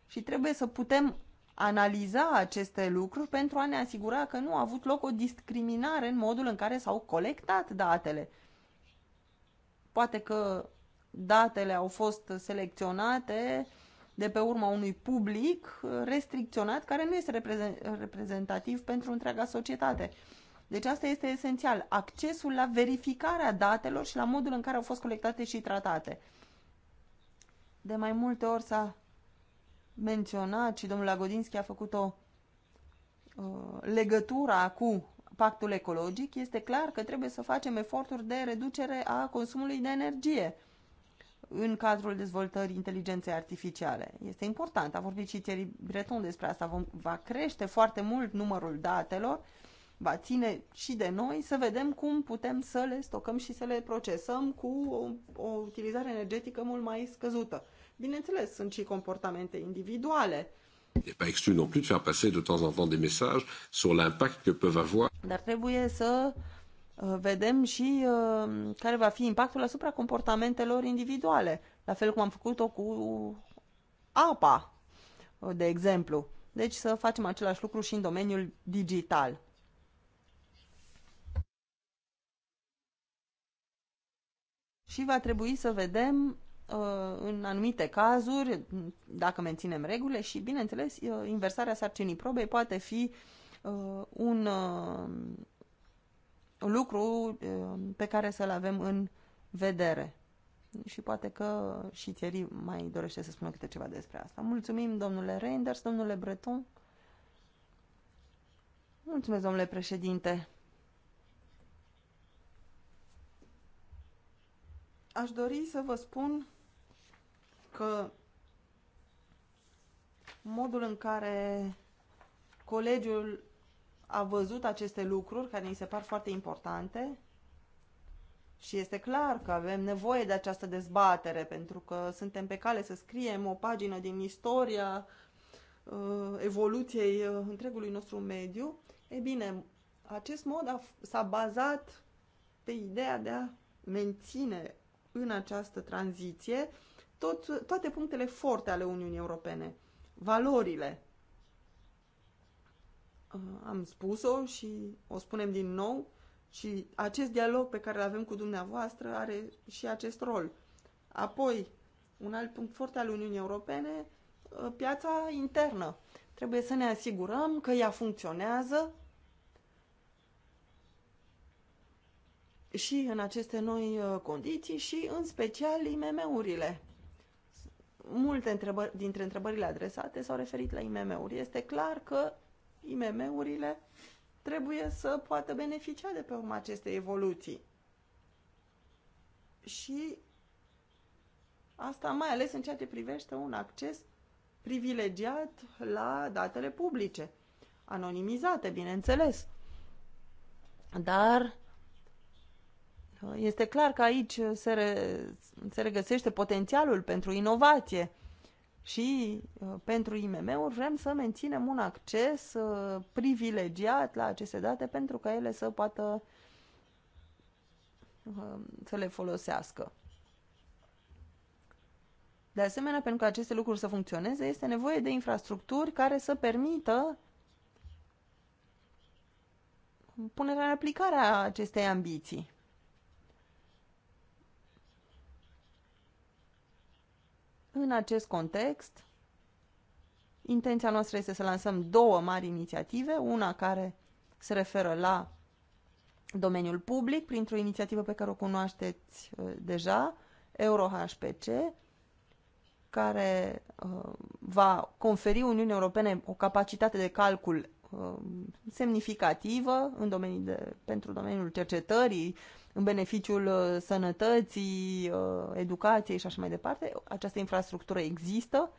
Și trebuie să putem analiza aceste lucruri pentru a ne asigura că nu a avut loc o discriminare în modul în care s-au colectat datele. Poate că datele au fost selecționate de pe urma unui public restricționat care nu este reprezentativ pentru întreaga societate. Deci asta este esențial, accesul la verificarea datelor și la modul în care au fost colectate și tratate. De mai multe ori s-a menționat și domnul Agodinski a făcut o uh, legătura cu pactul ecologic, este clar că trebuie să facem eforturi de reducere a consumului de energie în cadrul dezvoltării inteligenței artificiale. Este important, a vorbit și Thierry Breton despre asta, Vom, va crește foarte mult numărul datelor, va ține și de noi să vedem cum putem să le stocăm și să le procesăm cu o, o utilizare energetică mult mai scăzută. Bineînțeles, sunt și comportamente individuale. E de sur Dar trebuie să Uh, vedem și uh, care va fi impactul asupra comportamentelor individuale, la fel cum am făcut-o cu apa, uh, de exemplu. Deci să facem același lucru și în domeniul digital. Și va trebui să vedem în anumite cazuri, dacă menținem regulile și, bineînțeles, inversarea sarcinii probei poate fi un lucru pe care să-l avem în vedere. Și poate că și Thierry mai dorește să spună câte ceva despre asta. Mulțumim, domnule Reinders, domnule Breton. Mulțumesc, domnule președinte. Aș dori să vă spun că modul în care colegiul a văzut aceste lucruri care ni se par foarte importante și este clar că avem nevoie de această dezbatere pentru că suntem pe cale să scriem o pagină din istoria uh, evoluției uh, întregului nostru mediu. E bine, acest mod s-a bazat pe ideea de a menține în această tranziție tot, toate punctele forte ale Uniunii Europene, valorile, Uh, am spus-o și o spunem din nou și acest dialog pe care îl avem cu dumneavoastră are și acest rol. Apoi, un alt punct foarte al Uniunii Europene, uh, piața internă. Trebuie să ne asigurăm că ea funcționează și în aceste noi uh, condiții și în special IMM-urile. Multe întrebări, dintre întrebările adresate s-au referit la IMM-uri. Este clar că IMM-urile trebuie să poată beneficia de pe urma acestei evoluții. Și asta mai ales în ceea ce privește un acces privilegiat la datele publice, anonimizate, bineînțeles. Dar este clar că aici se, re, se regăsește potențialul pentru inovație și uh, pentru IMM-uri vrem să menținem un acces uh, privilegiat la aceste date pentru ca ele să poată uh, să le folosească. De asemenea, pentru ca aceste lucruri să funcționeze, este nevoie de infrastructuri care să permită punerea în aplicare a acestei ambiții. În acest context, intenția noastră este să lansăm două mari inițiative, una care se referă la domeniul public printr-o inițiativă pe care o cunoașteți uh, deja, EuroHPC, care uh, va conferi Uniunii Europene o capacitate de calcul uh, semnificativă în domenii de, pentru domeniul cercetării, în beneficiul uh, sănătății, uh, educației și așa mai departe. Această infrastructură există,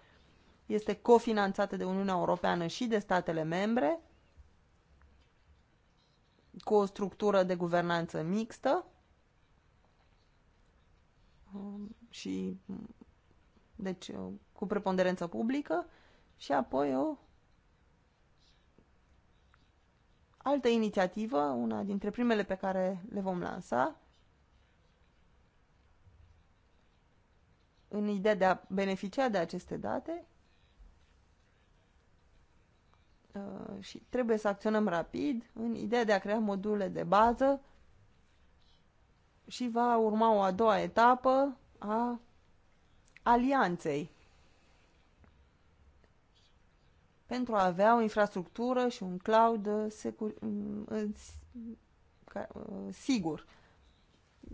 este cofinanțată de Uniunea Europeană și de statele membre, cu o structură de guvernanță mixtă um, și deci uh, cu preponderență publică și apoi o altă inițiativă, una dintre primele pe care le vom lansa, în ideea de a beneficia de aceste date uh, și trebuie să acționăm rapid în ideea de a crea module de bază și va urma o a doua etapă a alianței pentru a avea o infrastructură și un cloud uh, secur, mm, uh, sigur.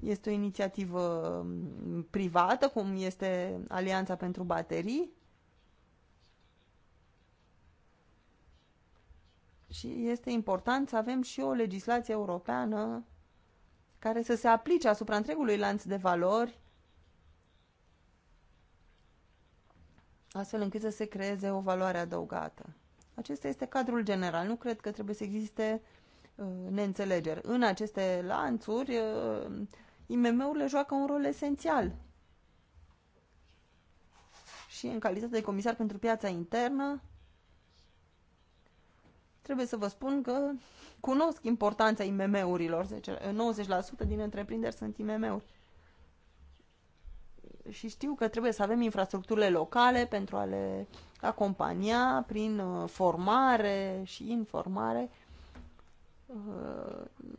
Este o inițiativă mm, privată, cum este Alianța pentru Baterii. Și este important să avem și o legislație europeană care să se aplice asupra întregului lanț de valori astfel încât să se creeze o valoare adăugată. Acesta este cadrul general. Nu cred că trebuie să existe uh, neînțelegeri. În aceste lanțuri, uh, IMM-urile joacă un rol esențial. Și în calitate de comisar pentru piața internă, trebuie să vă spun că cunosc importanța IMM-urilor. 90% din întreprinderi sunt IMM-uri și știu că trebuie să avem infrastructurile locale pentru a le acompania prin uh, formare și informare. Uh,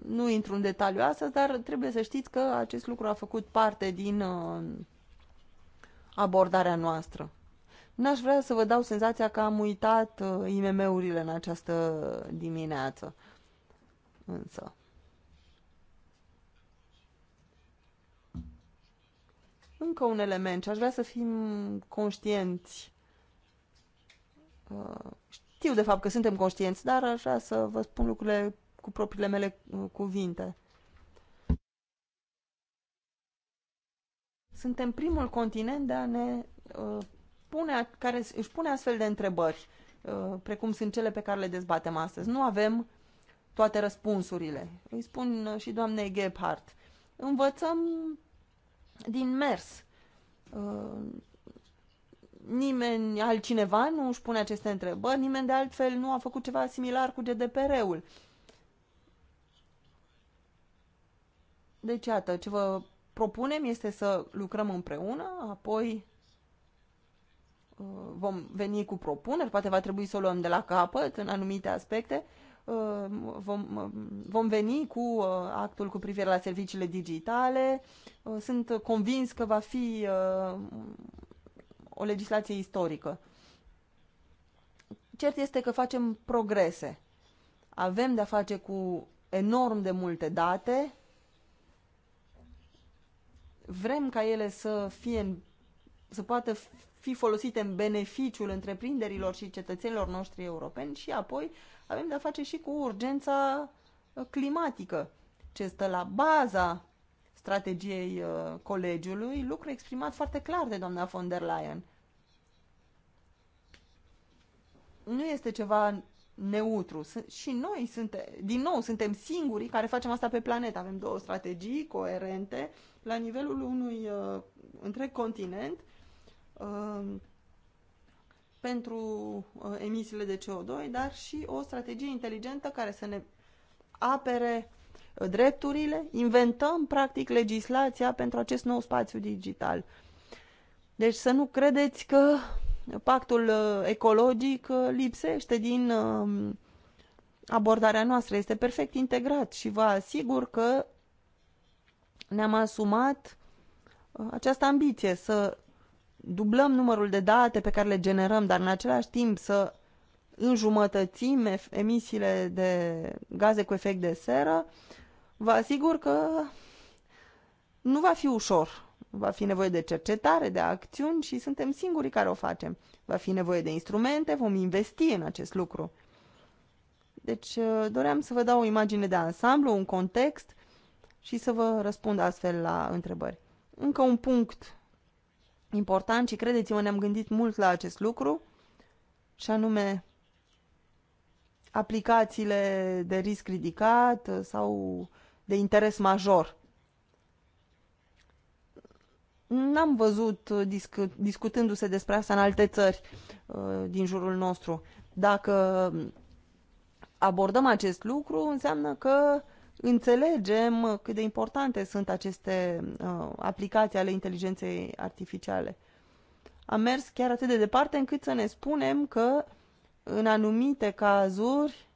nu intru în detaliu astăzi, dar trebuie să știți că acest lucru a făcut parte din uh, abordarea noastră. N-aș vrea să vă dau senzația că am uitat IMM-urile în această dimineață. Însă, Încă un element și aș vrea să fim conștienți. Uh, știu de fapt că suntem conștienți, dar aș vrea să vă spun lucrurile cu propriile mele uh, cuvinte. Suntem primul continent de a ne uh, pune, care își pune astfel de întrebări, precum sunt cele pe care le dezbatem astăzi. Nu avem toate răspunsurile. Îi spun și doamnei Gebhardt. Învățăm din mers. Uh, nimeni altcineva nu își pune aceste întrebări, nimeni de altfel nu a făcut ceva similar cu GDPR-ul. Deci, iată, ce vă propunem este să lucrăm împreună, apoi uh, vom veni cu propuneri, poate va trebui să o luăm de la capăt în anumite aspecte, Uh, vom, uh, vom veni cu uh, actul cu privire la serviciile digitale. Sunt convins că va fi o legislație istorică. Cert este că facem progrese. Avem de-a face cu enorm de multe date. Vrem ca ele să fie să poată fi folosite în beneficiul întreprinderilor și cetățenilor noștri europeni și apoi avem de-a face și cu urgența uh, climatică, ce stă la baza strategiei uh, colegiului, lucru exprimat foarte clar de doamna von der Leyen. Nu este ceva neutru. Și noi suntem, din nou, suntem singurii care facem asta pe planetă. Avem două strategii coerente la nivelul unui uh, întreg continent Um, pentru uh, emisiile de CO2, dar și o strategie inteligentă care să ne apere uh, drepturile, inventăm practic legislația pentru acest nou spațiu digital. Deci să nu credeți că pactul uh, ecologic lipsește din um, abordarea noastră. Este perfect integrat și vă asigur că ne-am asumat această ambiție să dublăm numărul de date pe care le generăm, dar în același timp să înjumătățim emisiile de gaze cu efect de seră, vă asigur că nu va fi ușor. Va fi nevoie de cercetare, de acțiuni și suntem singurii care o facem. Va fi nevoie de instrumente, vom investi în acest lucru. Deci uh, doream să vă dau o imagine de ansamblu, un context și să vă răspund astfel la întrebări. Încă un punct important și credeți-mă, ne-am gândit mult la acest lucru și anume aplicațiile de risc ridicat sau de interes major. N-am văzut disc discutându-se despre asta în alte țări uh, din jurul nostru. Dacă abordăm acest lucru, înseamnă că uh, înțelegem cât de importante sunt aceste uh, aplicații ale inteligenței artificiale. Am mers chiar atât de departe încât să ne spunem că în anumite cazuri,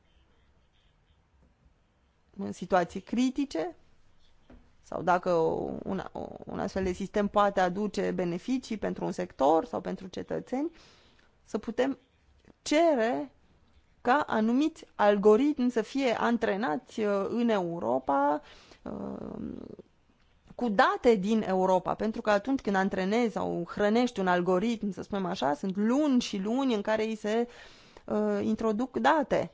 în situații critice, sau dacă un, un astfel de sistem poate aduce beneficii pentru un sector sau pentru cetățeni, să putem cere ca anumiți algoritmi să fie antrenați uh, în Europa uh, cu date din Europa, pentru că atunci când antrenezi sau hrănești un algoritm, să spunem așa, sunt luni și luni în care îi se uh, introduc date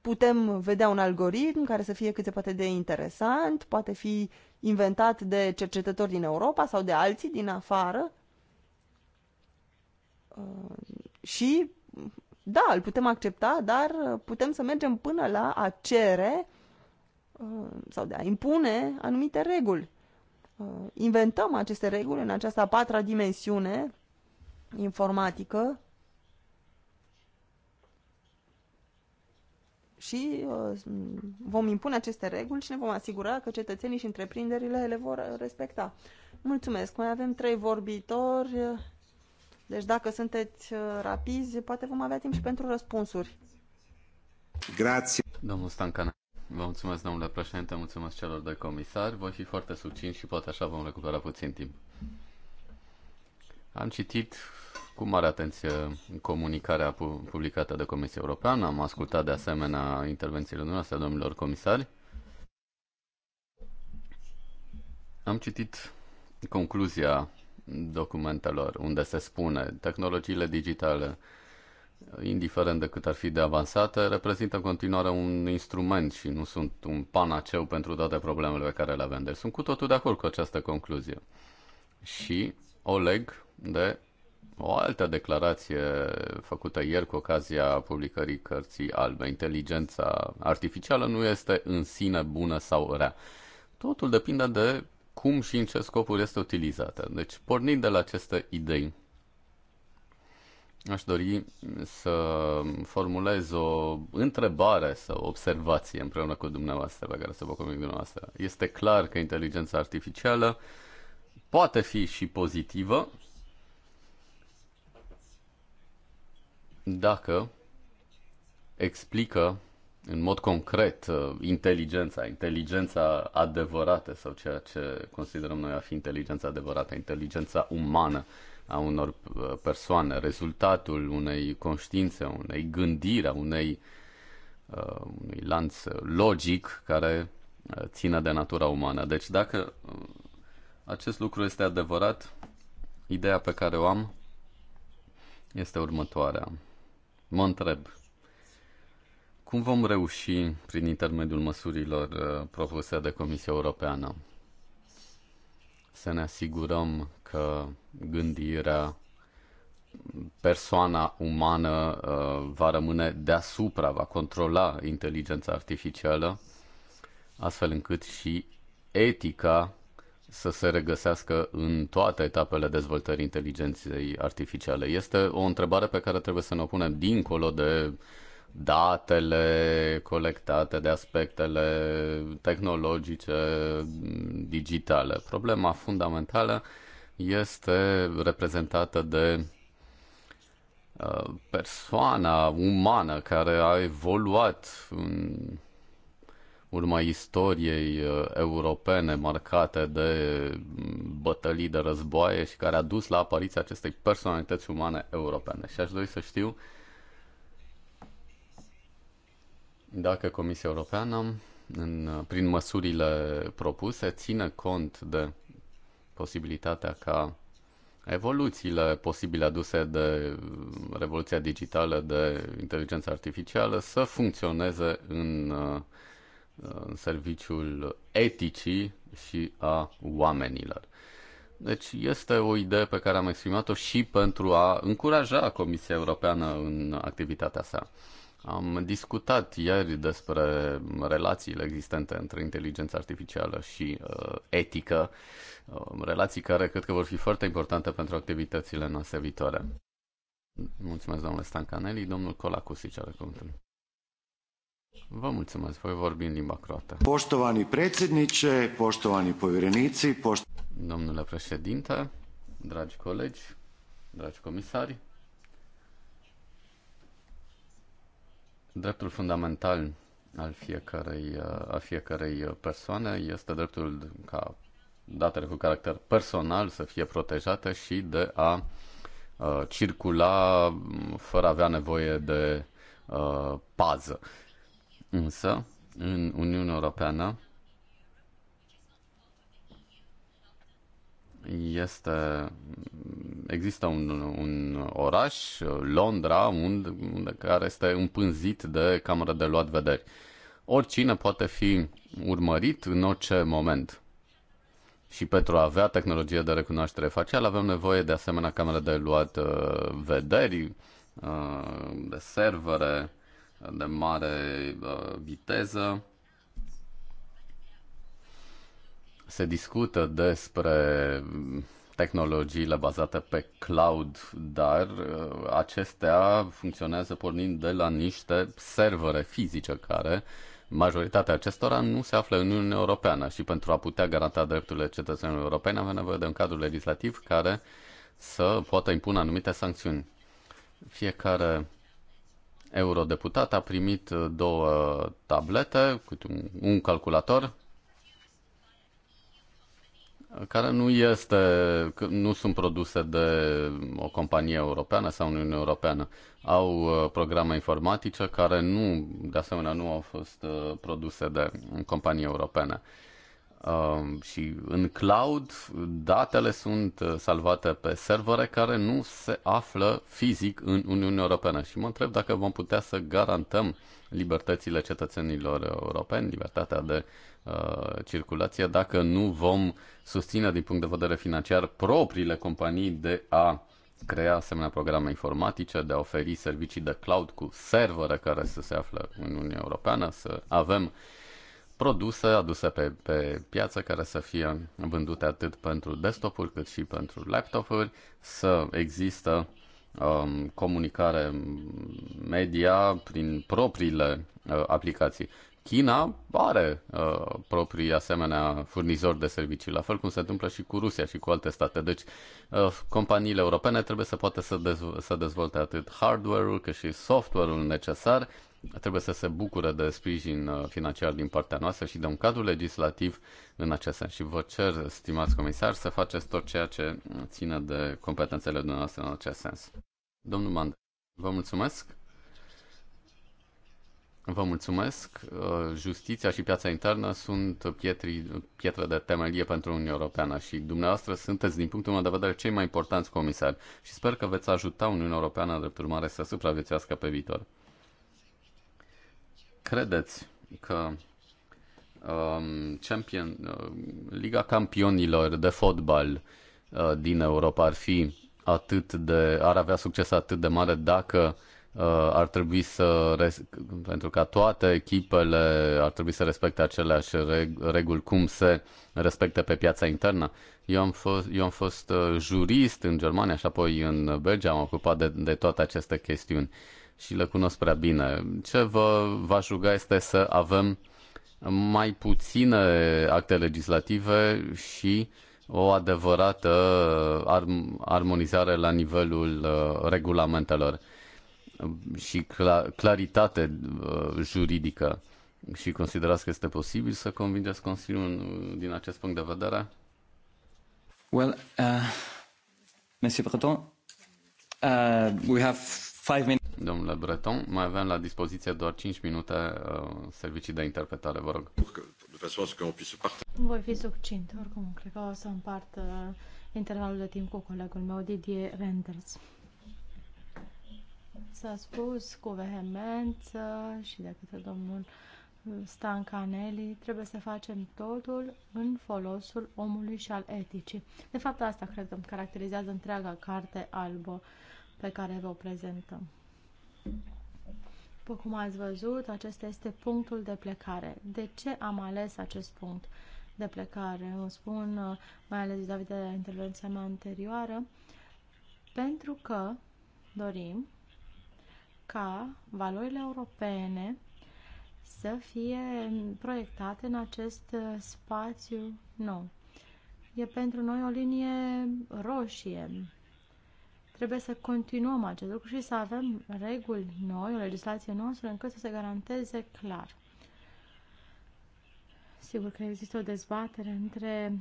putem vedea un algoritm care să fie cât se poate de interesant, poate fi inventat de cercetători din Europa sau de alții din afară și da, îl putem accepta, dar putem să mergem până la a cere uh, sau de a impune anumite reguli. Uh, inventăm aceste reguli în această a patra dimensiune informatică și uh, vom impune aceste reguli și ne vom asigura că cetățenii și întreprinderile le vor respecta. Mulțumesc! Mai avem trei vorbitori deci dacă sunteți uh, rapizi, poate vom avea timp și pentru răspunsuri. Grație. Domnul Stancana. Vă mulțumesc, domnule președinte, mulțumesc celor de comisar. Voi fi foarte succint și poate așa vom recupera puțin timp. Am citit cu mare atenție comunicarea publicată de Comisia Europeană, am ascultat de asemenea intervențiile noastre, domnilor comisari. Am citit concluzia documentelor, unde se spune tehnologiile digitale, indiferent de cât ar fi de avansate, reprezintă în continuare un instrument și nu sunt un panaceu pentru toate problemele pe care le avem. Deci sunt cu totul de acord cu această concluzie. Și o leg de o altă declarație făcută ieri cu ocazia publicării cărții albe. Inteligența artificială nu este în sine bună sau rea. Totul depinde de cum și în ce scopuri este utilizată. Deci, pornind de la aceste idei, aș dori să formulez o întrebare sau observație împreună cu dumneavoastră, pe care să vă comunic dumneavoastră. Este clar că inteligența artificială poate fi și pozitivă dacă explică în mod concret uh, inteligența, inteligența adevărată sau ceea ce considerăm noi a fi inteligența adevărată, inteligența umană a unor uh, persoane, rezultatul unei conștiințe, unei gândiri, a unei, uh, unui lanț logic care uh, ține de natura umană. Deci dacă acest lucru este adevărat, ideea pe care o am este următoarea. Mă întreb, cum vom reuși prin intermediul măsurilor uh, propuse de Comisia Europeană? Să ne asigurăm că gândirea, persoana umană uh, va rămâne deasupra, va controla inteligența artificială, astfel încât și etica să se regăsească în toate etapele dezvoltării inteligenței artificiale. Este o întrebare pe care trebuie să ne o punem dincolo de uh, datele colectate de aspectele tehnologice digitale. Problema fundamentală este reprezentată de uh, persoana umană care a evoluat în urma istoriei uh, europene marcate de mm, bătălii de războaie și care a dus la apariția acestei personalități umane europene. Și aș dori să știu dacă Comisia Europeană, în, prin măsurile propuse, ține cont de posibilitatea ca evoluțiile posibile aduse de revoluția digitală, de inteligența artificială, să funcționeze în, în serviciul eticii și a oamenilor. Deci este o idee pe care am exprimat-o și pentru a încuraja Comisia Europeană în activitatea sa. Am discutat ieri despre relațiile existente între inteligența artificială și uh, etică, uh, relații care cred că vor fi foarte importante pentru activitățile noastre viitoare. Mulțumesc, domnule Stancanelli. Domnul Colacusic are cuvântul. Vă mulțumesc, voi vorbi în limba croată. Poștovani prețednice, poștovani povăreniții, poșt... Domnule președinte, dragi colegi, dragi comisari, Dreptul fundamental al fiecărei, uh, a fiecărei uh, persoane este dreptul ca datele cu caracter personal să fie protejate și de a uh, circula mm, fără a avea nevoie de pază. Însă, în Uniunea Europeană, este, există un, un oraș, Londra, unde, unde care este împânzit de camere de luat vederi. Oricine poate fi urmărit în orice moment. Și pentru a avea tehnologie de recunoaștere facială avem nevoie de asemenea camere de luat uh, vederi, uh, de servere de mare uh, viteză se discută despre tehnologiile bazate pe cloud, dar uh, acestea funcționează pornind de la niște servere fizice care majoritatea acestora nu se află în Uniunea Europeană și pentru a putea garanta drepturile cetățenilor europene avem nevoie de un cadru legislativ care să poată impune anumite sancțiuni. Fiecare eurodeputat a primit uh, două tablete cu un calculator care nu este, nu sunt produse de o companie europeană sau Uniunea Europeană. Au uh, programe informatice care nu, de asemenea, nu au fost uh, produse de companii europene. Um, și în cloud datele sunt uh, salvate pe servere care nu se află fizic în Uniunea Europeană și mă întreb dacă vom putea să garantăm libertățile cetățenilor europeni, libertatea de uh, circulație, dacă nu vom susține din punct de vedere financiar propriile companii de a crea asemenea programe informatice, de a oferi servicii de cloud cu servere care să se află în Uniunea Europeană, să avem uh, produse aduse pe, pe piață care să fie vândute atât pentru desktop-uri cât și pentru laptop laptop-uri, să există um, comunicare media prin propriile uh, aplicații. China are uh, proprii asemenea furnizori de servicii, la fel cum se întâmplă și cu Rusia și cu alte state. Deci, uh, companiile europene trebuie să poată să, dezv- să dezvolte atât hardware-ul cât și software-ul necesar trebuie să se bucure de sprijin uh, financiar din partea noastră și de un cadru legislativ în acest sens. Și vă cer, stimați comisar, să faceți tot ceea ce ține de competențele dumneavoastră în acest sens. Domnul Mand, vă mulțumesc. Vă mulțumesc. Uh, justiția și piața internă sunt pietri, pietre de temelie pentru Uniunea Europeană și dumneavoastră sunteți, din punctul meu de vedere, cei mai importanți comisari și sper că veți ajuta Uniunea Europeană, în drept urmare, să supraviețuiască pe viitor credeți că um, Champion, uh, Liga Campionilor de fotbal uh, din Europa ar fi atât de, ar avea succes atât de mare dacă uh, ar trebui să, pentru ca toate echipele ar trebui să respecte aceleași reg- reguli cum se respectă pe piața internă. Eu am fost, eu am fost uh, jurist în Germania și apoi în Belgia, am ocupat de, de toate aceste chestiuni. Uh, și le cunosc prea bine. Ce vă va juga este să avem mai puține acte legislative și o adevărată armonizare la nivelul uh, regulamentelor și claritate uh, juridică. Și considerați că este posibil să convingeți Consiliul din acest punct de vedere? Well, uh, Monsieur Breton, uh, we have five minutes domnule Breton. Mai avem la dispoziție doar 5 minute uh, servicii de interpretare, vă rog. Voi fi succint, oricum, cred că o să împart uh, intervalul de timp cu colegul meu, Didier Renders. S-a spus cu vehemență și de către domnul Canelli trebuie să facem totul în folosul omului și al eticii. De fapt, asta cred că caracterizează întreaga carte albă pe care vă prezentăm. După cum ați văzut, acesta este punctul de plecare. De ce am ales acest punct de plecare? Îmi spun, uh, mai ales David a vis de intervenția mea anterioară, pentru că dorim ca valorile europene să fie proiectate în acest uh, spațiu nou. E pentru noi o linie roșie Trebuie să continuăm acest lucru și să avem reguli noi, o legislație noastră, încât să se garanteze clar. Sigur că există o dezbatere între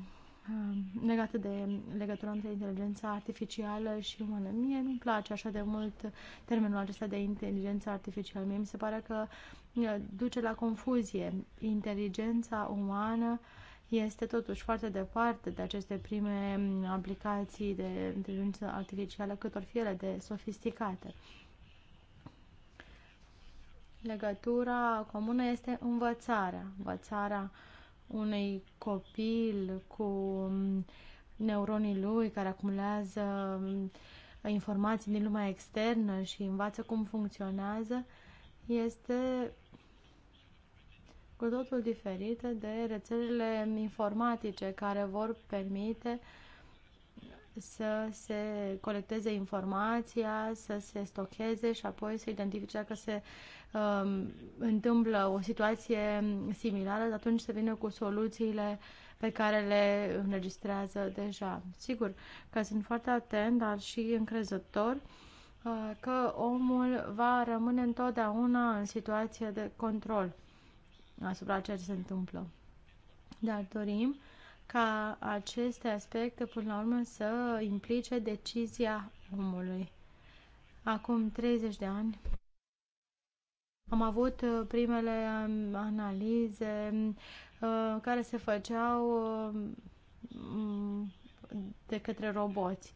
um, legată de legătura între inteligența artificială și umană. Mie nu-mi place așa de mult termenul acesta de inteligență artificială. Mie mi se pare că uh, duce la confuzie. Inteligența umană este totuși foarte departe de aceste prime aplicații de inteligență artificială, cât or fi ele de sofisticate. Legătura comună este învățarea. Învățarea unei copil cu neuronii lui care acumulează informații din lumea externă și învață cum funcționează este cu totul diferite de rețelele informatice care vor permite să se colecteze informația, să se stocheze și apoi să identifice dacă se um, întâmplă o situație similară, atunci se vine cu soluțiile pe care le înregistrează deja. Sigur că sunt foarte atent, dar și încrezător uh, că omul va rămâne întotdeauna în situație de control asupra ceea ce se întâmplă. Dar dorim ca aceste aspecte, până la urmă, să implice decizia omului. Acum 30 de ani am avut uh, primele analize uh, care se făceau uh, de către roboți.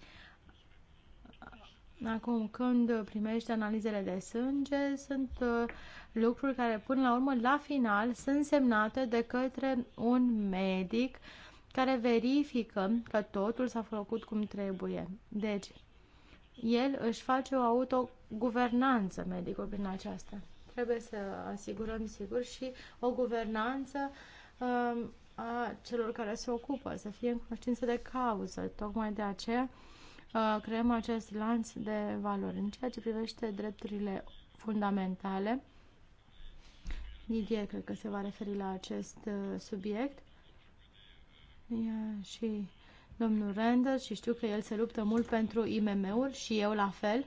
Acum, când primești analizele de sânge, sunt uh, lucruri care, până la urmă, la final, sunt semnate de către un medic care verifică că totul s-a făcut cum trebuie. Deci, el își face o autoguvernanță, medicul, prin aceasta. Trebuie să asigurăm, sigur, și o guvernanță um, a celor care se ocupă, să fie în cunoștință de cauză. Tocmai de aceea, Uh, creăm acest lanț de valori. În ceea ce privește drepturile fundamentale, Didier cred că se va referi la acest uh, subiect Ia și domnul Render și știu că el se luptă mult pentru IMM-uri și eu la fel.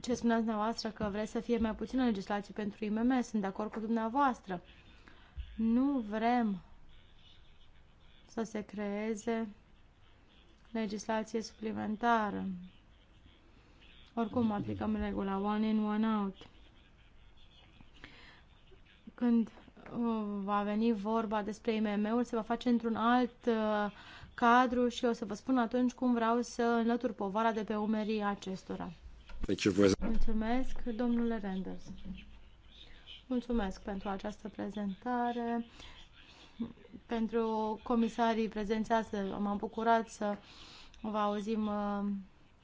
Ce spuneați dumneavoastră că vreți să fie mai puțină legislație pentru IMM, sunt de acord cu dumneavoastră. Nu vrem să se creeze legislație suplimentară. Oricum aplicăm regula one in, one out. Când uh, va veni vorba despre imm ul se va face într-un alt uh, cadru și o să vă spun atunci cum vreau să înlătur povara de pe umerii acestora. Deci, Mulțumesc, domnule Renders. Mulțumesc pentru această prezentare pentru comisarii prezenți astăzi. M-am bucurat să vă auzim uh,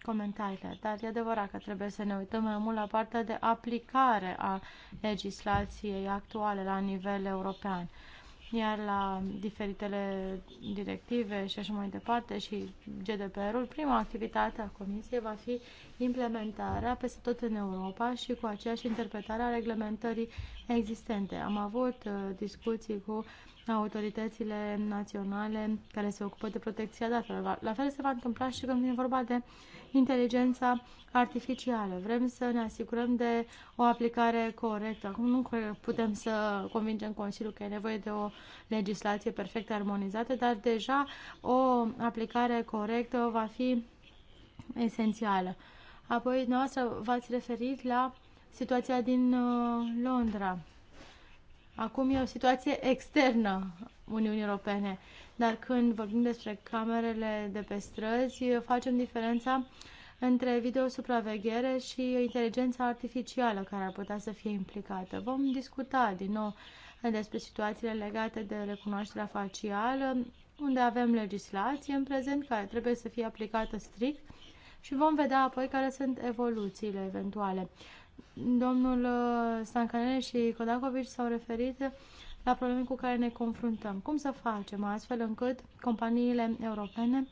comentariile, dar e adevărat că trebuie să ne uităm mai mult la partea de aplicare a legislației actuale la nivel european. Iar la diferitele directive și așa mai departe și GDPR-ul, prima activitate a Comisiei va fi implementarea peste tot în Europa și cu aceeași interpretare a reglementării existente. Am avut uh, discuții cu autoritățile naționale care se ocupă de protecția datelor. La fel se va întâmpla și când vine vorba de inteligența artificială. Vrem să ne asigurăm de o aplicare corectă. Acum nu putem să convingem Consiliul că e nevoie de o legislație perfect armonizată, dar deja o aplicare corectă va fi esențială. Apoi, noastră v-ați referit la situația din uh, Londra. Acum e o situație externă Uniunii Europene, dar când vorbim despre camerele de pe străzi, facem diferența între videosupraveghere și inteligența artificială care ar putea să fie implicată. Vom discuta din nou despre situațiile legate de recunoașterea facială, unde avem legislație în prezent care trebuie să fie aplicată strict și vom vedea apoi care sunt evoluțiile eventuale. Domnul uh, Stancanele și Kodakovici s-au referit la probleme cu care ne confruntăm. Cum să facem astfel încât companiile europene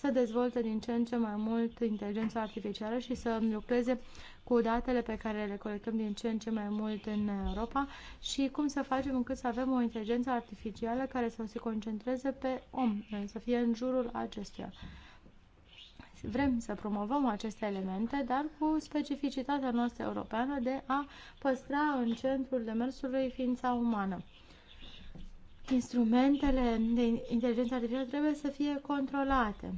să dezvolte din ce în ce mai mult inteligența artificială și să lucreze cu datele pe care le colectăm din ce în ce mai mult în Europa și cum să facem încât să avem o inteligență artificială care să se concentreze pe om, să fie în jurul acestuia vrem să promovăm aceste elemente, dar cu specificitatea noastră europeană de a păstra în centrul demersului ființa umană. Instrumentele de inteligență artificială trebuie să fie controlate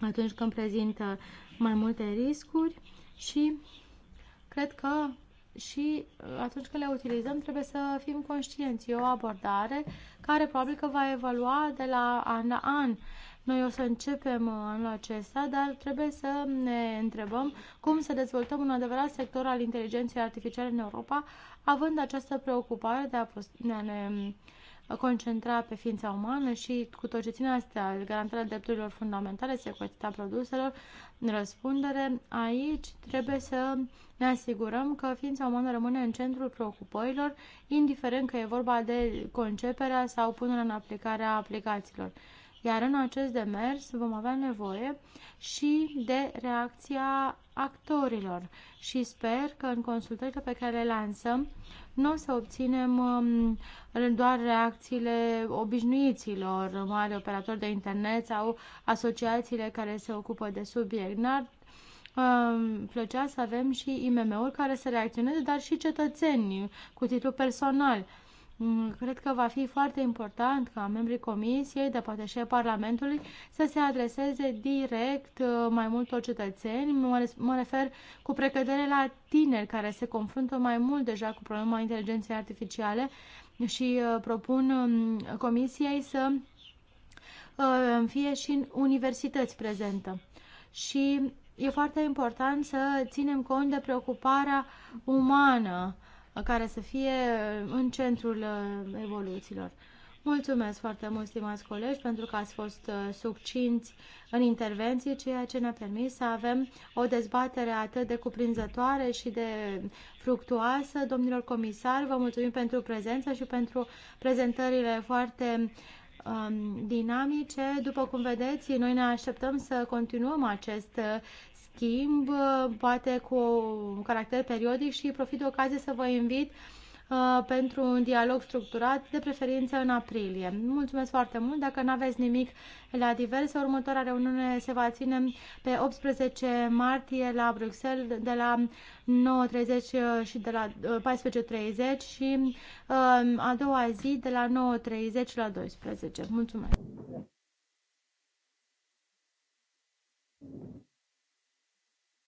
atunci când prezintă mai multe riscuri și cred că și uh, atunci când le utilizăm trebuie să fim conștienți. E o abordare care probabil că va evolua de la an la an noi o să începem uh, anul acesta, dar trebuie să ne întrebăm cum să dezvoltăm un adevărat sector al inteligenței artificiale în Europa, având această preocupare de a, de a ne uh, concentra pe ființa umană și cu tot ce ține astea, garantarea drepturilor fundamentale, securitatea produselor, răspundere, aici trebuie să ne asigurăm că ființa umană rămâne în centrul preocupărilor, indiferent că e vorba de conceperea sau punerea în aplicare a aplicațiilor. Iar în acest demers vom avea nevoie și de reacția actorilor și sper că în consultările pe care le lansăm nu o să obținem um, doar reacțiile obișnuiților, mari operatori de internet sau asociațiile care se ocupă de subiect. N-ar um, plăcea să avem și IMM-uri care să reacționeze, dar și cetățenii cu titlu personal Mm, cred că va fi foarte important ca membrii Comisiei, de poate și Parlamentului, să se adreseze direct uh, mai multor cetățeni. Mă refer cu precădere la tineri care se confruntă mai mult deja cu problema inteligenței artificiale și uh, propun um, Comisiei să uh, fie și în universități prezentă. Și e foarte important să ținem cont de preocuparea umană care să fie în centrul uh, evoluțiilor. Mulțumesc foarte mult, stimați colegi, pentru că ați fost uh, succinți în intervenție, ceea ce ne-a permis să avem o dezbatere atât de cuprinzătoare și de fructuoasă. Domnilor comisari, vă mulțumim pentru prezența și pentru prezentările foarte um, dinamice. După cum vedeți, noi ne așteptăm să continuăm acest uh, schimb, uh, poate cu un caracter periodic și profit de ocazie să vă invit uh, pentru un dialog structurat, de preferință în aprilie. Mulțumesc foarte mult. Dacă nu aveți nimic la diverse, următoarea reuniune se va ține pe 18 martie la Bruxelles de la 9.30 uh, și de la 14.30 și a doua zi de la 9.30 la 12. Mulțumesc!